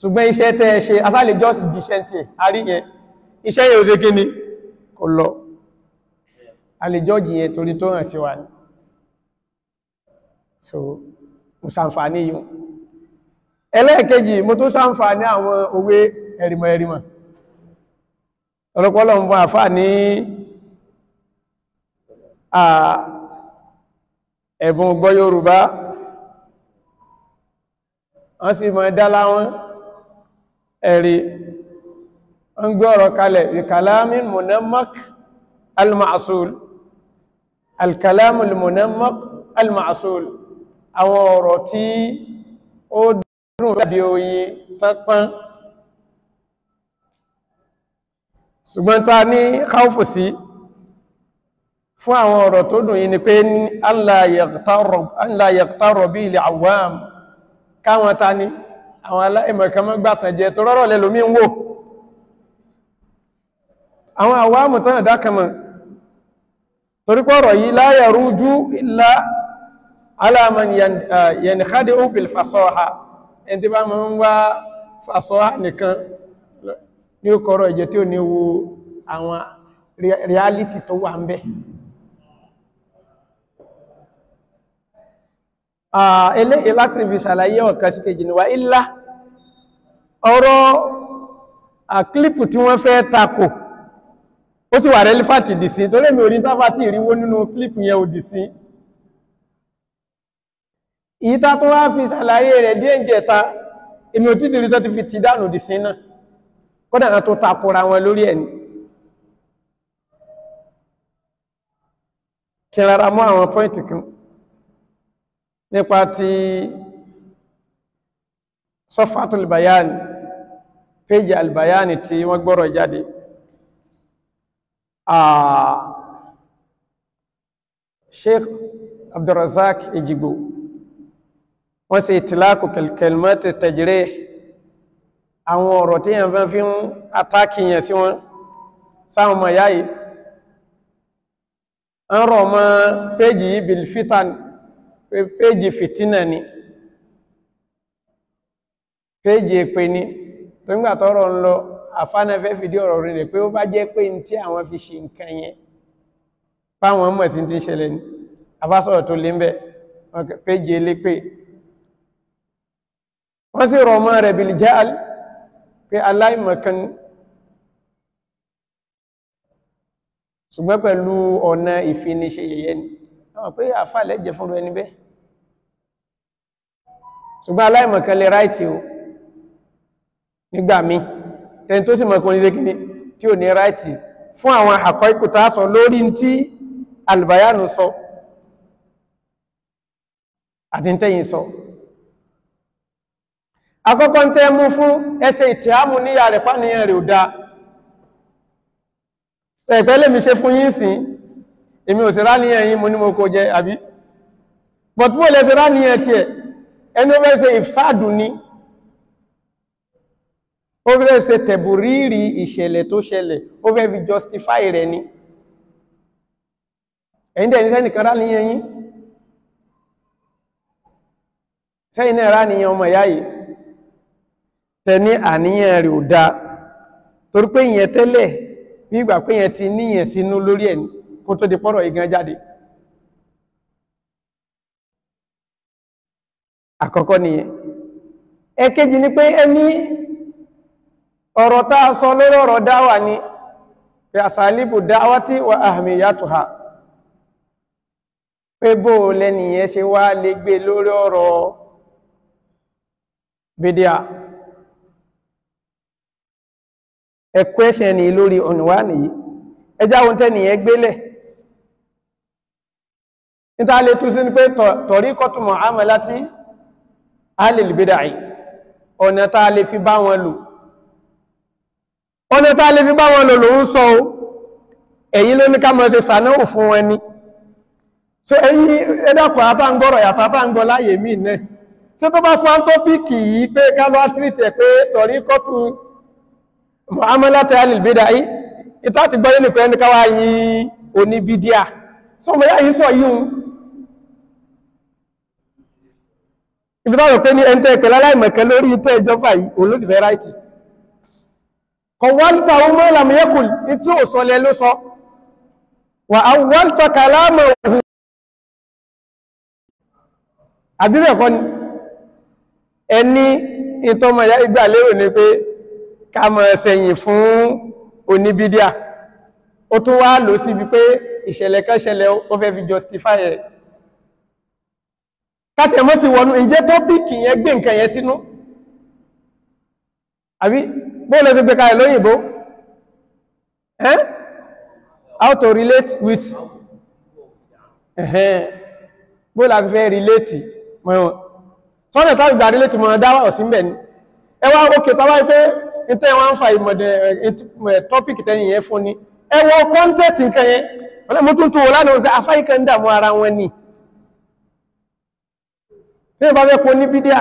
ṣùgbọ́n iṣẹ́ tẹ́ ẹ ṣe asálẹ̀ just jíṣẹ́ tí a rí yẹn iṣẹ́ yẹn ò dé kí ni kò lọ alẹ́jọ́jì yẹn torí tó hàn sí wa ní so mo ṣàǹfààní yìí ẹlẹ́ẹ̀kejì mo tó ṣàǹfààní àwọn òwe ẹ̀rìmọ̀ ẹ̀rìmọ̀ ọ̀rọ̀pọ̀lọ̀ ń bọ́ àfà ní ẹ̀bùn gbọ́ Yorùbá wọ́n sì mọ̀ dá láwọn ẹ̀rí ń gbọ́rọ̀ kalẹ̀ ìkàlámi munamak almasul alkalamu munamak almasul àwọn ọ̀rọ̀ tí ó dùn láti oyin tápán ṣùgbọ́n ta ní káwùfù sí fún àwọn ọ̀rọ̀ tó dùn yìí ni pé an la yaqtarru bi li awam káwọn ta ní àwọn aláìmọ̀kan mọ́ gbàtàn jẹ tó rọ́rọ̀ lẹ́lò mí ń wò àwọn àwọ́ àmùtánà dákàmọ̀ torípọ̀rọ̀ yìí láyẹ̀ rújú ilá alaman yanihadi opel fasoha ẹni tí bá mọ́ ń wá fasoha nìkan ní ó kọrọ ìjẹ tí ó ní wo àwọn reality tó wà ń bẹ eléyìí láti fi ṣàlàyé ọ̀kan sí kejì ni wa ilá ọ̀rọ̀ àklípù tí wọ́n fẹ́ takò ó sì wà rẹ́lífàtì dìsí torí èmi orí tábà tí ìrìnwó nínú klípù yẹn ò dìsí ìta tó wá fi ṣàlàyé rẹ̀ díẹ̀ jẹta èmi ò títìrí tó ti fi ti dànù dìsí náà kódà náà tó takora wọn lórí ẹni kí rárá mọ́ àwọn pọ́ìntì kan nípa ti sọ́fàtùlùbáyá ni péjì albayani tí wọ́n gbọ́rọ̀ jáde sheikh abdulrazak ejigbo wọ́n ṣe ìtìláàkù kẹlmẹ́tì tẹ̀jìrẹ́ àwọn ọ̀rọ̀ tí yẹn fẹ́ fi ń atákì yẹn sí wọn sáwọn ọmọ yáyìí ń rọ̀ mọ́ péjì yìí bilfitan péjì fitina ni péjì èpè ni tó ń gbà tọ́rọ̀ ń lọ àfánẹ́fẹ́ fìdí ọ̀rọ̀ rẹ̀ rẹ̀ pé ó bá jẹ́ pé ní tí àwọn fi ṣe nǹkan yẹn fáwọn mọ̀ sí ti ń ṣẹlẹ̀ ní afásọ̀rọ̀ tó lé ń bẹ̀ péje lé pé wọ́n sì rọ̀ mọ́ rẹ̀ bìlì jẹ́ pé aláìmọ̀kan ṣùgbọ́n pẹ̀lú ọ̀nà ìfiniṣe yẹ̀yẹ́ ni àwọn pé àfà lẹ́jẹ̀ fún ẹni bẹ́ẹ̀ ṣùgbọ́n aláìmọ̀kan lè ráìtì o nígbà míì ẹni tó sì mọ̀ kò ní ṣe kíní tí ò ní ráìtì fún àwọn àkọ́ ìkùtà sọ lórí tí albayanu sọ àti tẹ́yìn sọ akọ́kọ́ ń tẹ́ mú fún ẹsẹ̀ ìtìhámù ní yàrẹ̀ pàníyàn rẹ̀ ò dá ẹ̀pẹ́ lè mi ṣe fún yín sí èmi ò sí rá ní ẹ̀yìn mo ní mo kò jẹ àbí but bó lè sí rá ní ẹ̀ tí ẹ̀ ẹni ó fẹ́ ṣe ìfsáàdù ni ó fẹ́ ṣe tẹ̀bùrírì ìṣẹ̀lẹ̀ tó ṣẹlẹ̀ ó fẹ́ fi justify rẹ̀ ni ẹ̀yin dẹ̀ ní sẹ́nìkan rá níyẹn yín sẹ́yìn náà rá níyẹn ọmọ ìyá yìí tẹni àníyàn rẹ̀ ò dáa torí pé ìyẹn tẹ́lẹ̀ bí ìgbà pé ìyẹn ti níyẹn sínú lórí ẹ̀ kó tó di pọ́rọ̀ igan jáde àkọ́kọ́ nìyẹn ẹ̀kejì ni pé ẹni ọ̀rọ̀ tá sọ lórí ọ̀rọ̀ dáwà ni pé àsàlìbù dáwátí wà ha pé bó lẹ́nìyàn ṣe wá lè gbé lórí ọ̀rọ̀ bídíà ẹ̀kọ́ ẹ̀ṣẹ̀ ni lórí ọ̀nùwá nìyí ẹjá ohun tẹ́nìyàn gbélẹ̀ níta lè tú sí ní pé tọ̀rí kọtùmọ̀ fi bá wọn lò ọ̀nà tá lè fi bá wọn lò lòun sọ o ẹ̀yin ló ní ká mọ́ ṣe fànáwò fún wọn so ẹ̀yin ẹ̀dàpọ̀ apá ń gbọ́rọ̀ yàtọ̀ apá ń gbọ́ láyè míì náà tí tó bá fún antọ́pìkì yìí pé kálọ́ àtìrìtẹ̀ pé tọ̀rí kọ́tù muhammadu alìbídà yìí ìta ti gbọ́ nínú pé ẹni káwá yìí oníbídíà sọmọ yá tẹ́ kọwàntà ọmọ ìlàmìyẹ́kùn tí ó sọ lẹ ló sọ wà áwọ́ntà kàlámọ̀ òhun àbírẹ̀kọ́ ni ẹni ìtọ́mọ̀ ìgbà lérò ní pé kàmọ̀ ẹ̀sẹ̀yìn fún oníbídíà ó tún wá lò sí bí pé ìṣẹ̀lẹ̀ kan ṣẹlẹ̀ ó fẹ́ fi justify ẹ̀ kátẹ̀mọ́ ti wọnú ìjẹ́ tópìkì yẹn gbé nǹkan yẹn sínú àbí bóòlù ti gbé kalẹ̀ lóyìnbó eh? how to relate with bóòlù àti fẹ́ relate mọ́ sọ́nà tábí gbà relate mọ́ dáwà ọ̀sìn bẹ̀ ni ẹwà òkè tàbí pé ìtẹ́ wọn ń ìmọ̀dẹ̀ topic tẹ́yìn yẹn fún ni ẹwọ content nǹkan yẹn wọ́n mú tún tún wọ́n lánàá pé afáyíkẹ́ ń dàmú ara wọn ni tí bá fẹ́ pọ̀ ní bídíà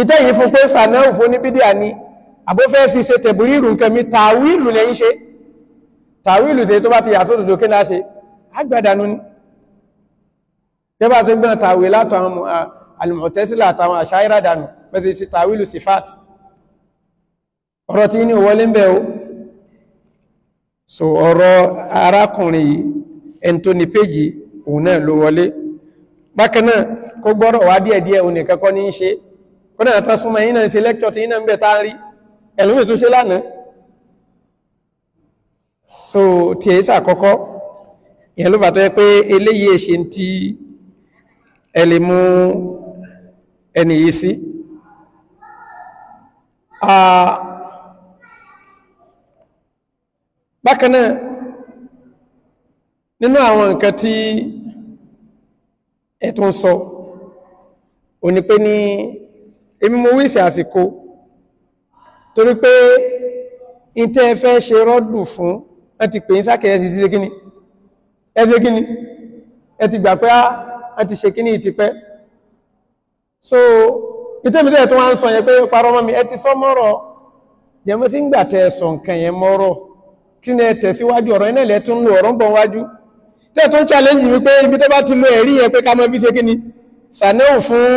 ìtẹ́ yìí fún pé fanáhùn fún ní bídíà ni àbófẹ́ fi ṣe tẹ̀bùrí ìrù nǹkan mi tàwílù lẹ́yìn ṣe tàwílù ṣe tó bá ti yàtọ̀ dòdò kíná ṣe agbádànú ni yẹ́bà tó gbọ́n tàwí látàwọn alìmọ̀tẹ́sílà àtàwọn àṣáírà so ọ̀rọ̀ arákùnrin yìí ẹni tó ní péjì bákanáà kó gbọ́rọ̀ wá díẹ̀díẹ̀ òní kẹ́kọ́ ní ṣe kó náà tán súnmọ́ yínà ṣe lẹ́kṣọ́ tí yínà ń bẹ̀ tá rí ẹ̀lúmì tún ṣe lánàá so tí èyí sàkọ́kọ́ ìyẹn ló bàtọ́ pé eléyìí ṣe ń ti ẹ lè mú ẹni yìí sí bákanáà nínú àwọn nǹkan tí ẹ̀tún sọ o ní pé ní èmi mo wíṣẹ̀ àsìkò torí pé ìtẹ́ fẹ́ ṣe rọ́dù fún ẹ ti pè ń sákẹ̀ ẹ̀sì ti ṣe kíní ẹ kíní ẹ gbà pé á ti ṣe kíní ìtipẹ́ so ìtẹ́mìtẹ́ tó wá ń sọ yẹn pé parọ́ mọ́ mi ẹ ti sọ mọ́rọ̀ jẹ́mọ́ sí ń gbà tẹ́ nǹkan yẹn mọ́rọ̀ kí ni tẹ̀síwájú ọ̀rọ̀ iná tún lò ọ̀rọ̀ ń bọ̀ wájú tẹ́ẹ̀tún challenge wípé ibi tó bá ti lo ẹ̀rí yẹn pé ká mọ́ bí ṣe kí ni sànẹ́wò fún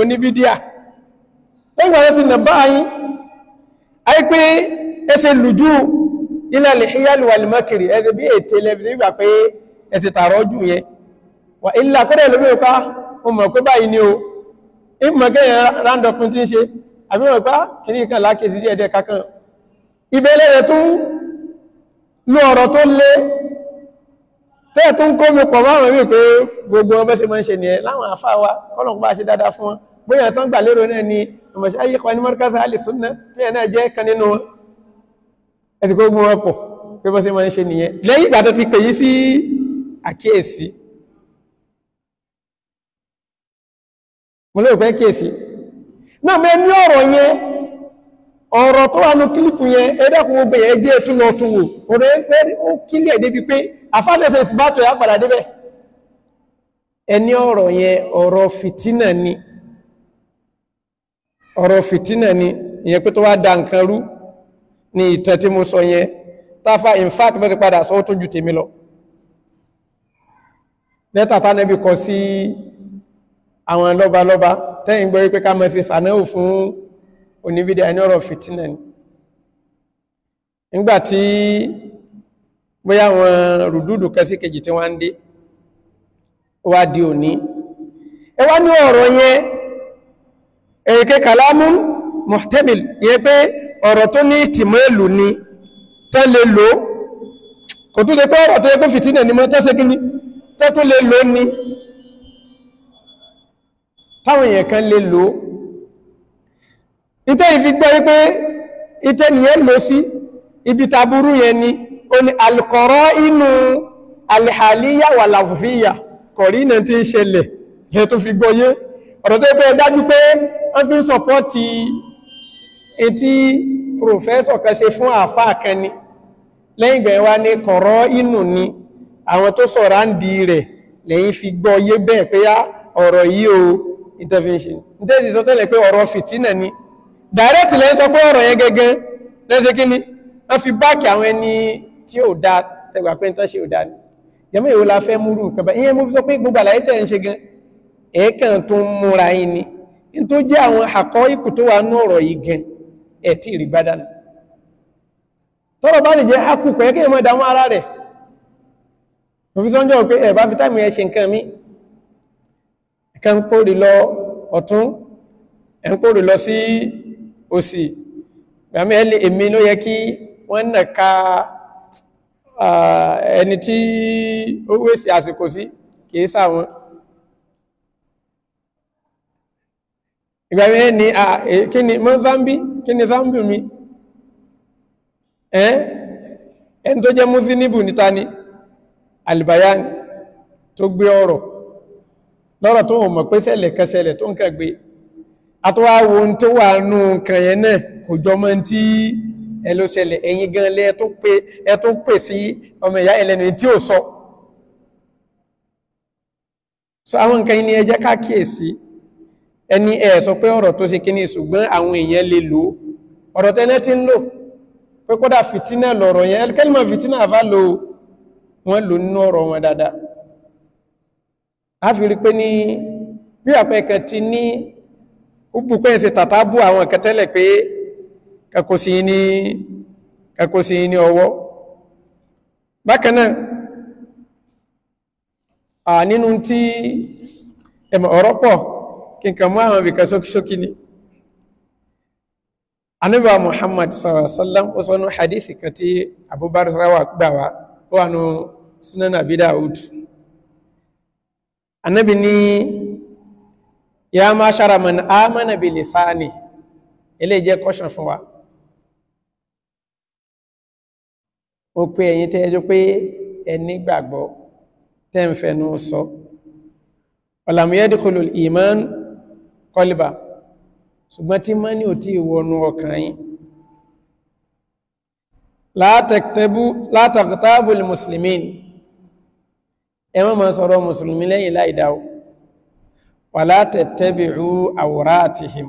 oníbídíà lẹ́gbà rẹ̀ ti nà bá yín ayé pé ẹsẹ̀ lùjú ilẹ̀ lèhíyàlù wàlìmọ́kiri ẹsẹ̀ bí ètè lẹ́bìí gbà pé ẹsẹ̀ tààrọ̀ jù yẹn wà ilẹ̀ akọ́dẹ̀ lóbi òpá o ah, lo ọ̀rọ̀ tó lé tẹ́ẹ̀ tó ń kó mi pọ̀ máa rí pé gbogbo ọmọ sí máa ń ṣe nìyẹn láwọn àfá wa kọ́lọ̀kùn bá ṣe dáadáa fún wọn bóyá tó ń gbà lérò náà ni ọmọṣẹ́ ayé kan ní mọ́ríkásá alìsúnná tí ẹ̀ náà jẹ́ kan nínú wọn ẹ̀tì kó gbọ́n wọn pọ̀ pé bọ́ sí máa ń ṣe nìyẹn lẹ́yìn ìgbà tó ti pèyí sí àkíyèsí mo lérò pé kíyèsí náà mẹ́ ní ọ̀rọ̀ yẹn ọ̀rọ̀ tó wà ní kílípù yẹn ẹ̀dẹ́kùn gbogbo yẹn jẹ́ ètúnlọ́tún wò ọ̀rọ̀ ẹ̀ fẹ́ ó kílẹ̀ débi pé afánẹ́sẹ̀ ìfìbátò ya padà débẹ̀ ẹni ọ̀rọ̀ yẹn ọ̀rọ̀ fìtínà ni ọ̀rọ̀ fìtínà ni ìyẹn pé tó wá da nǹkan rú ni ìtàn tí mo sọ yẹn táfà in fact mẹ́ta padà sọ ó tó ju tèmi lọ lẹ́tà tánẹ́bì kọ sí àwọn lọ́balọ́ba tẹ́yìn gbọ́ pé ká mọ̀ fi sànáwò fún oníbídẹ̀ ẹni ọ̀rọ̀ fìtínà ni nígbàtí bóyá wọn rùdúdù kẹsí kejì tí wọ́n ń dé wá di òní ẹ wá ní ọ̀rọ̀ yẹn èyíké kàlámù muhtamil yẹn pé ọ̀rọ̀ tó ní ìtìmọ́ẹ̀lù ni tẹ́ lò kò tó lè pé ọ̀rọ̀ tó yẹ pé fìtínà ni mọ́ tẹ́sẹ́ kí ni tẹ́ tó lè lò ní táwọn èèyàn kan lè lò ibi tàbúrú yẹn ni ó ní alìkọ̀rọ̀ inú alìhàlíyà wà làfíyà kọ̀rí náà ti ń ṣẹlẹ̀ yẹ tó fi gbọ́yé ọ̀rọ̀ tó pẹ́ dájú pé wọ́n fi ń sọpọ́tì etí pòfẹ́sọ̀ kan ṣe fún àfáà kan ni lẹ́yìn ìgbẹ̀ wá ní kọ̀rọ̀ inú ni àwọn tó sọ̀rọ̀ ń di intervention ntẹ́sì sọ tẹ́lẹ̀ pé ni direct lẹ́yìn sọ pé ọ̀rọ̀ yẹn gẹ́gẹ́ lẹ́sẹ̀ ni wọ́n fi báàkì àwọn ẹni tí ò dáa tẹgbà pé nǹkan ṣe ò dáa ni jẹmọ́ ìwò la fẹ́ múrú nǹkan bá ìyẹn mú fi sọ pé gbogbo àlàyé tẹ̀ ń ṣe gan ẹ̀ẹ́kàn tó ń múra yín ni n tó jẹ́ àwọn àkọ́ ikù tó wà nú ọ̀rọ̀ yìí gan ẹ̀ tí ì rí bá dànù tọ́rọ̀ bá lè jẹ́ akùkọ̀ yẹ kéèyàn mọ́ ìdààmú ara rẹ̀ mo fi sọ́njọ́ pé ẹ̀ bá fi táìmù yẹn ṣe nǹkan mi ẹ̀kan ń kórè lọ ọ̀tún ẹ̀ ń kórè lọ sí òsì gbàmí ẹ̀ lè èmi ló yẹ kí wọ́n nà ká ẹni tí ó wèsì àsìkò sí kìí sáwọn ìgbàmí ẹni kí ni mọ́ zambi kí ni zambi mi Ẹn? ẹni tó jẹ́ muzinibu níta ni albayan tó gbé ọ̀rọ̀ lọ́rọ̀ tó mọ̀ pé ṣẹlẹ̀ kẹsẹlẹ̀ tó ń kẹgbé àtọwà wo tó wà nù kẹyẹn náà kò tí ẹ ló ṣẹlẹ̀ ẹ̀yin gan lé ẹ tó pè sí ọmọ ìyá ẹlẹ́nu tí ò sọ so àwọn nǹkan yìí ni ẹ jẹ́ ká kíyèsí ẹni ẹ sọ pé ọ̀rọ̀ tó ṣe kíní ṣùgbọ́n àwọn èèyàn lè lò ó ọ̀rọ̀ tẹ́lẹ̀ ti ń lò pé kódà fìtínà lọ̀rọ̀ yẹn kẹ́lìmọ̀ fìtínà àfá lo wọ́n lò nínú ọ̀rọ̀ wọn dáadáa a fi rí pé ní bí àpẹẹkẹ ti ní ó bù pé ń ṣe tàtàbù àwọn kẹtẹ́lẹ̀ pé kakó sí ní ọwọ́ bákanáà à nínú tí ẹmọ̀ ọ̀rọ̀ pọ̀ kí n kà mú àwọn ìbìkà sókísókí ni anábà Muhammad sallallahu ó sọ́nú hadithi kan tí abúbar sáwà gbàwà wà ní sunan Abi Dawud anábì ní ya mashara man amana bilisani ilé jẹ́ kọ́ṣàn fún wa ó pé ẹ̀yin tẹ́ ẹjọ́ pé ẹni gbàgbọ́ tẹ́ ń fẹnu sọ ọ̀làmúyẹ́dìkọlù ìmán kọlìbà ṣùgbọ́n tí mọ́ ní ò tí ìwọ̀nù ọkàn yín látàkítàbùl mùsùlùmí ẹ má máa sọ̀rọ̀ mùsùlùmí lẹ́yìn láìdáwó wà látẹ̀tẹ̀bìrú àwòrátihim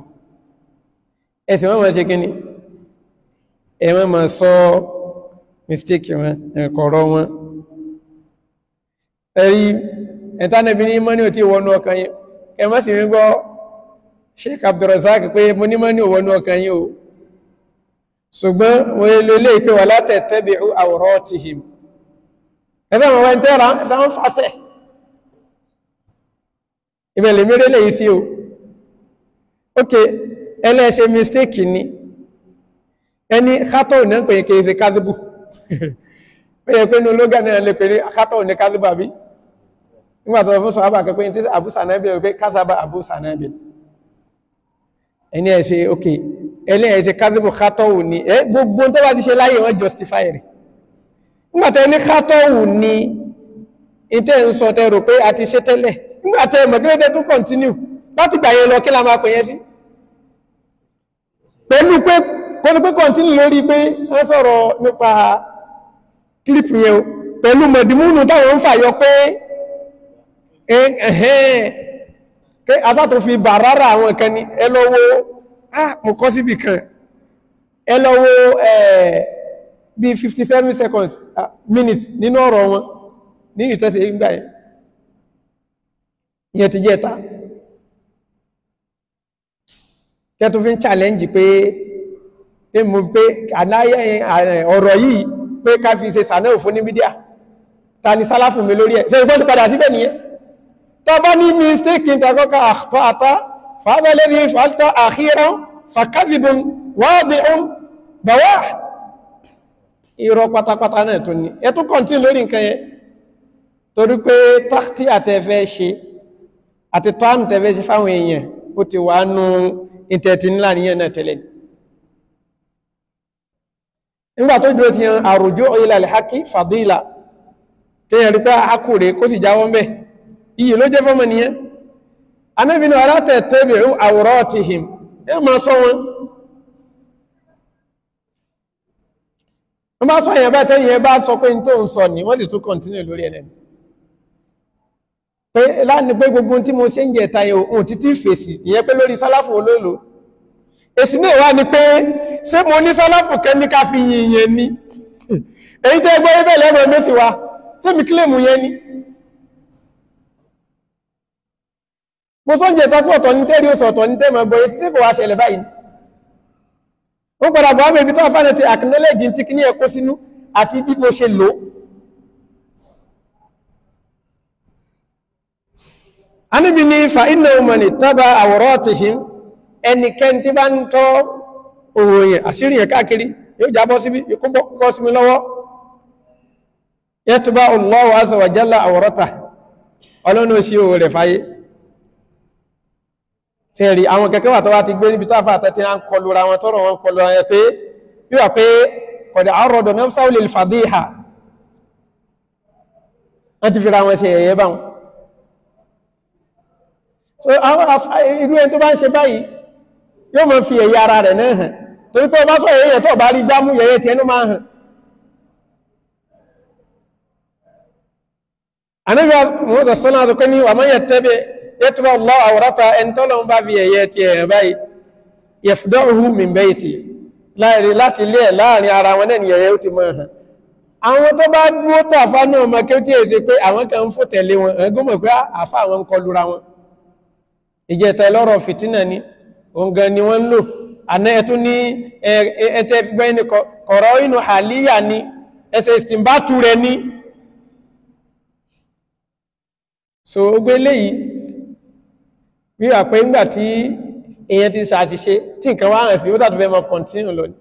ẹ̀sìn má máa mistake wọn ẹ̀kọ̀rọ̀ wọn ẹ̀rí ẹ̀tánẹ̀bí ní mọ́ní ò tí wọnú ọkàn yín ẹmọ́ sì rígbọ́ Sheikh Abdulrazak pé mo ní mọ́ní ò wọnú ọkàn yín o ṣùgbọ́n wọ́n lè lè pé wà látẹ̀tẹ́bẹ̀ awratihim ẹgbẹ́ mọ̀ wọ́n tẹ́ra ẹ̀fẹ́ ń fàṣẹ ìbẹ̀lẹ̀ mẹ́rẹ́ lè sí o ok ẹlẹ́ṣẹ́ mistake ni ẹni kátó náà pẹ̀yẹ̀kẹ́ ìfẹ́ kádìbù ó yẹ pé ní ológa náà lè pèrè akátọ̀ ní kádùbà bí nígbà tó fún sọ̀hábà kan pé ní tẹ́sí àbúsà náà bí pé kásàbà àbúsà náà bí ẹni ẹ̀ ṣe ok ẹni ẹ̀ ṣe kádùbù kátọ̀wù ni ẹ gbogbo tó bá ti ṣe láyé wọn justify rẹ̀ nígbà tẹ́ ní kátọ̀wù ni ìtẹ́ ń sọ tẹ́ pé a ti ṣe tẹ́lẹ̀ nígbà tẹ́ mọ̀ kí ló tẹ́ tún continue láti gbà yẹn lọ kí la máa pè yẹn sí pẹ̀lú pé kọ́ni pé continue lórí pé wọ́n sọ̀rọ̀ nípa clip yẹn o pẹ̀lú mọ̀dìmúnù táwọn ń fàyọ pé ẹ̀hẹ́n pé atátò fi bà rárá àwọn ìkan ni ẹlọ́wọ́ mọ̀kọ́ síbì kan ẹlọ́wọ́ bí 57 seconds minutes nínú ọ̀rọ̀ wọn ní ìtẹ́sẹ̀ ìgbà yẹn ti jẹta kẹtù fi ń challenge pé ẹmù pé àláyé ọ̀rọ̀ yìí pé ká fi ṣe sànẹ́ òfin ní mídíà ta ni sálàfù mi lórí ẹ̀ ṣe ìgbọ́n ti padà síbẹ̀ nìyẹn tó bá ní mistake ní takọ́ka àtọ́ àtá fàádọ́lẹ́ ní fàáltà àkíran fàkàfìbùn wádìún bàwá irọ́ pátápátá náà tó ní ẹ tún kọ̀ntí lórí nǹkan yẹn torí pé táktí àtẹ́fẹ́ ṣe àti tọ́àmù tẹ́fẹ́ ṣe fáwọn èèyàn ó ti wà nù ìtẹ̀tì ńlá nìyẹn náà tẹ́lẹ̀ ni nígbà tó dúró ti yan àròjó ila al-haqi fadila tẹ́yàn rí pé akùrẹ́ kó sì jáwọ́ mẹ́ iyì ló jẹ́ fọ́mọ nìyẹn anábìnú alátẹ̀ tẹ́bẹ̀rú awratihim ẹ ma sọ wọn wọ́n bá sọ èèyàn bá tẹ́yìn bá sọ pé tó ń sọ ní wọ́n sì tún kọ̀ntínú lórí ẹ̀nà èsì náà wá ní pé ṣé mo ní sálàfù kẹ́ ká fi yin ìyẹn ni èyí tẹ́ gbọ́ ibẹ̀ lẹ́rọ mẹ́sì wa tí mi kílèmù yẹn ni mo tó ń jẹ tọ́pọ̀ ọ̀tọ̀ ní tẹ́rí oṣù ọ̀tọ̀ ní tẹ́mọ̀ gbọ́ sí ṣẹlẹ̀ báyìí ó padà bọ́ àmì ibi tó àfáàní ti ti kí ní ẹ̀kọ́ sínú àti bí mo ṣe lò níbi fa ẹnikẹ́ni tí bá ń tọ́ òwò yẹn àṣírí yẹn káàkiri yóò jábọ́ síbi kó bọ́ sí mi lọ́wọ́ yẹtuba Allahu azza wa jalla àwọ̀rọ́ta ọlọ́nà òṣì òwò rẹ̀ fáyé tẹ́rì àwọn kẹ́kẹ́ wà tó wá ti gbé níbi táfà àtẹ́tí à ń kọlura wọn tọ́rọ wọn kọlura ẹ pé irú ẹni tó bá ń ṣe báyìí yóò mọ̀ fi ẹ̀yà ara rẹ̀ náà hàn torí pé ọba sọ yẹ̀yẹ̀ tó bá rí gbámú yẹ̀yẹ̀ tí ẹnu máa hàn anábí àwọn ọ̀sánà àtúkọ́ ní wà mọ́yẹ̀ tẹ́bẹ̀ yẹ́tùbọ̀ lọ àwòrátà ẹni tó lọ́n bá fi ẹ̀yẹ̀ ti ẹ̀yẹ̀ báyìí yẹ̀fùdọ́ òhù mìíràn ti láàrin láti ilé ẹ̀ láàrin ara wọn náà yẹ̀yẹ̀ ó ti máa hàn àwọn tó bá dúró tó àfa náà mọ kí ó tí èsè pé àwọn kan ń fò tẹ̀lé wọn ẹgbẹ́ mọ̀ pé ah, àfa àwọn ń kọlura wọn ìjẹta ẹlọ́rọ̀ fìtínà ni oúnjẹ ni wọ́n ń lò àná ẹ̀tú ní ẹ̀tẹ́ fígbẹ́ ní kọ̀rọ̀ inú àlíyà ni ẹsẹ̀ ìsìnbátú rẹ̀ ní so ogbé léyìí bí wà pé ńgbà tí èyàn ti ṣàṣìṣe tí nǹkan wá esi sí ó tàbí ẹmọ kọ̀ntínù lọ ní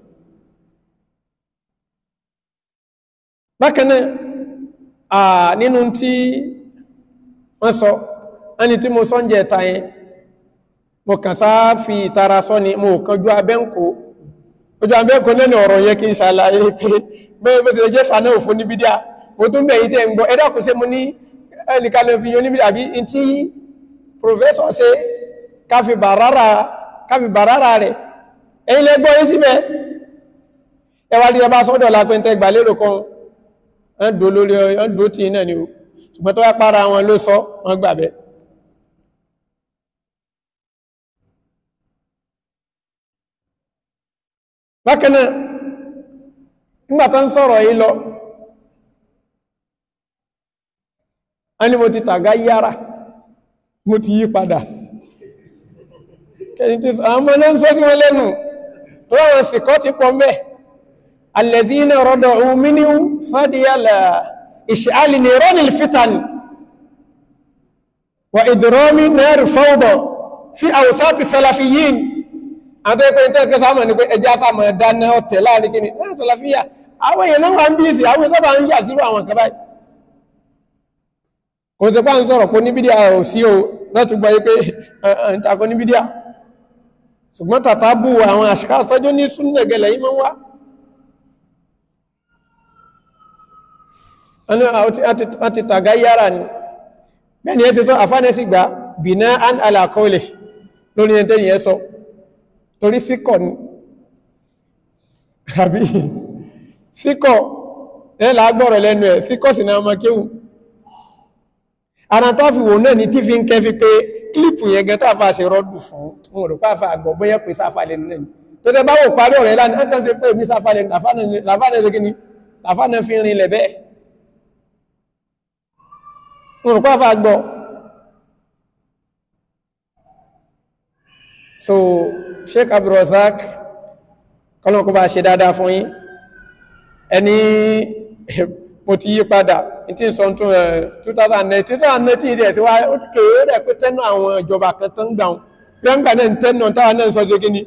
bákanáà nínú tí wọ́n sọ ẹni tí mo sọ ń jẹ ẹ̀ta yẹn mo kàn sáà fi ìtara sọ ni mo kànjú abẹ́ǹkó ojú abẹ́ǹkó lẹ́nu ọ̀rọ̀ yẹ kí n ṣàlàyé pé bẹ́ẹ̀ bó ti lè jẹ́ sànà òfò níbi díà mo tún bẹ̀yìn tẹ́ ń gbọ́ ẹ̀dá kò ṣe mo ní ẹnìkanlẹ̀ fi yan níbi àbí tí professor ṣe káfí bàrárà rẹ̀ ẹ̀yin lè gbọ́ yín síbẹ̀ ẹwà díẹ̀ bá sọ́dọ̀ lápẹ́ntẹ́ gbàlérò kan ń dò lórí ọdún tí náà ni ó para wọn ló sọ bákanáà nígbàtá ń sọ̀rọ̀ yìí lọ a ní mo ti tàgá yára mo ti yí padà kẹni tí àwọn ọmọ náà ń sọ sí wọn lẹ́nu rọrùn sí kọ́ ti pọ̀ mẹ́ alẹ́zínà rọ́dọ̀ ohun sádìyàlá ìṣàlì ní rọ́nìl fítàní wa ìdìrọ́mí náà rí fọ́ọ̀dọ̀ fi àwùsá ti sálàfíyìn àtẹ́pẹ́ tẹ́ẹ̀kẹ́ sáàmà ní pé ẹjá sáàmà dáná ọ̀tẹ̀ láàrin kí ni náà sọ̀láfíà àwọn èèyàn náà wà ń bí ìsì àwọn sábà ń yà sírò àwọn kẹbáyì kò tẹ́ pá ń sọ̀rọ̀ kó níbídíà ò sí o láti gbọ́ pé ń takọ níbídíà ṣùgbọ́n tàtà bù àwọn àṣìká sọ́jọ́ ní súnnà gẹ̀lẹ̀ yìí máa ń wá àti tàgá yára ni bẹ́ẹ̀ ni ẹ ṣe sọ àfánẹ́sì gbà bìnà án alàkọọlẹ̀ lórí ẹntẹ́ni ẹ sọ torí síkọ̀ ni àbí síkọ̀ ẹ̀là agbọ́rọ̀ lẹ́nu ẹ̀ síkọ̀ sí náà makéhù ara tó fi wò náà ní tí fi ń kẹ́ fi pé klípù yẹn gẹta fà ṣe rọ́dù fún wọn rò pàfà àgbọ̀ bóyá pé sáfà lẹ́nu tó dẹ bá wò parí ọ̀rẹ́ lánàá kan ṣe pé mi sáfà lẹ́nu làfánà fi rin lẹ̀ bẹ́ẹ̀ wọn rò pàfà àgbọ̀ so sheik abdulrasaq kọ́lọ́n kó bá ṣe dáadáa fún yín ẹni mo ti yí padà tí n sọ tún ẹ 2019 2019 díẹ̀ tí wá kéré rẹ̀ pé tẹ́nu àwọn ìjọba kan tán gbà wọn gbẹ́ngbà náà tẹ́nu táwa náà sọ jẹ́ kíni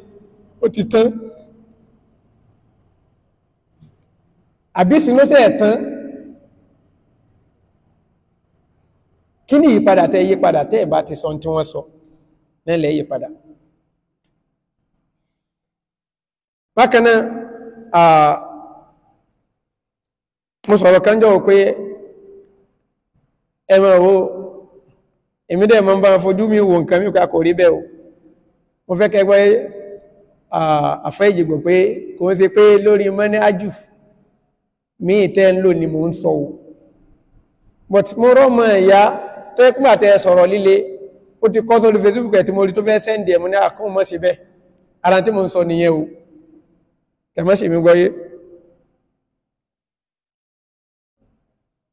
ó ti tán àbísí ló ṣe tán kí ni ìyípadà tẹ́ ìyípadà tẹ́ ẹ̀ ti sọ tí wọ́n sọ nílẹ̀ ìyípadà. bakana náà mo sọ̀rọ̀ kan jọ pé o èmi dẹ̀ mọ́ bá fojú mi wo nǹkan mìí kò rí bẹ́ẹ̀ o mo fẹ́ kẹgbọ́ àfẹ́ ìjìgbò pé kò ń ṣe pé lórí mọ́ní ájù mí ìtẹ́ ń lò ní mò ń sọ o but mo rọ́mọ ìyá tó ẹ́ pàtẹ sọ̀rọ̀ líle ó ti kọ́ sórí Facebook ẹ̀ tí mo rí tó fẹ́ sẹ́ndì ẹ̀ ní àkóhùn mọ́ sí bẹ́ẹ̀ ara tí mo ń sọ nìyẹn o kẹmọ́sì mi gbọ́yé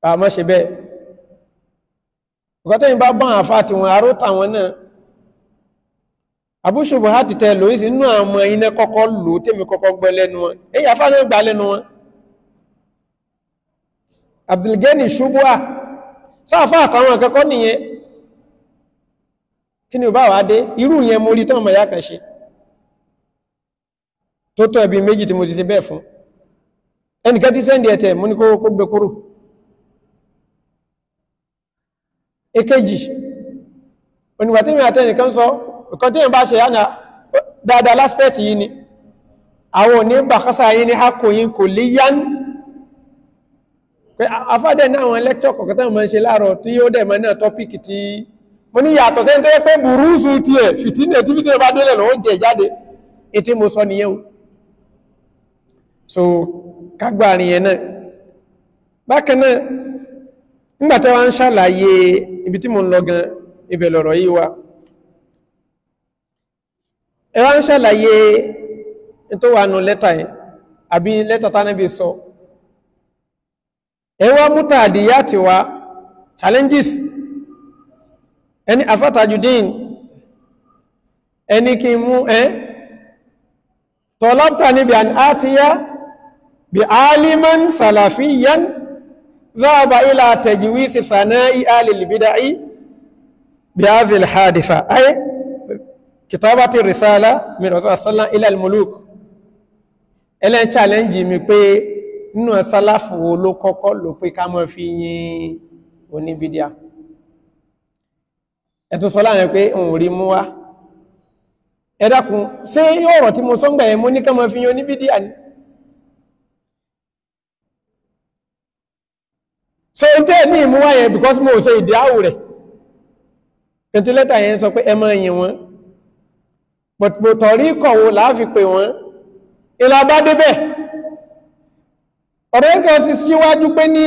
àmọ́ ṣe bẹ́ẹ̀ ọ̀kọ́tẹ́ yìí bá bá àfá tí wọ́n aró tàwọn náà abúṣòbò há ti tẹ lórí sí inú àmọ́ iná kọ́kọ́ lò tèmi kọ́kọ́ gbọ́ lẹ́nu wọn èyí àfá náà gbà lẹ́nu wọn Abdulgani Shubua sáàfá àkàwọn akẹ́kọ́ nìyẹn kí ni ò bá wà dé irú yẹn mo rí tán mọ̀ yá kàn ṣe tó tọ́ ẹbí méjì tí mo ti ṣe bẹ́ẹ̀ fún ẹnìkan tí sẹ́ndì ẹ̀tẹ̀ mú ní kó gbé kúrò èkejì onígbàtẹ́mì àtẹnìkan sọ ìkan tí yẹn bá ṣe yánà dáadáa láspẹ́ẹ̀tì yìí ni àwọn òní bàkásà yìí ni hakòyìn kò lè yán pé afádẹ́ ní àwọn lẹ́kṣọ́ kọ̀kọ́tà mọ́ ṣe láàrọ̀ tí yóò dẹ̀ mọ́ náà tọ́pìkì tí mo ní yàtọ̀ sẹ́ni tó yẹ pé burúsù tiẹ̀ fìtínẹ̀ tí fìtínẹ̀ bá délẹ̀ lọ́wọ́ jẹ jáde ètí mo sọ nìyẹn o so kágbà rìn yẹn náà bákan náà nígbàtẹ́ wá ń ṣàlàyé ibi tí mo ń lọ gan ibẹ̀ wa ẹ wá ń ṣàlàyé tó wà nù lẹ́tà yẹn àbí lẹ́tà tánàbí sọ ẹ wá múta àdìyà ti wá challenges ẹni afátajudin ẹni kí mú ẹ tọ́lọ́pta níbi àti yá bí aliman salafiyan dhaba ila tajwisi sana'i alil bida'i bí azil haditha ayé kitabati risala min rasulullah ila al-muluk ẹlẹ́ challenge mi pé nínú sálàfù wo ló kọ́kọ́ ló pé ká mọ́ fi yìn oníbídíà ẹ̀tún sọ láàrin pé òun rí mú wá ẹ dákun ṣé yóò rọ̀ mo sọ́ngbà ẹ̀ mo ní ká mọ́ fi yìn oníbídíà ni so n tẹ́ ní ìmúwá yẹn because mo ṣe ìdáwò rẹ̀ kẹntí lẹ́tà yẹn sọ pé ẹ máa yìn wọ́n but mo tọ̀rí kọ̀wò láàfi pé wọ́n ìlà ọ̀rọ̀ ń kẹsì síwájú pé ní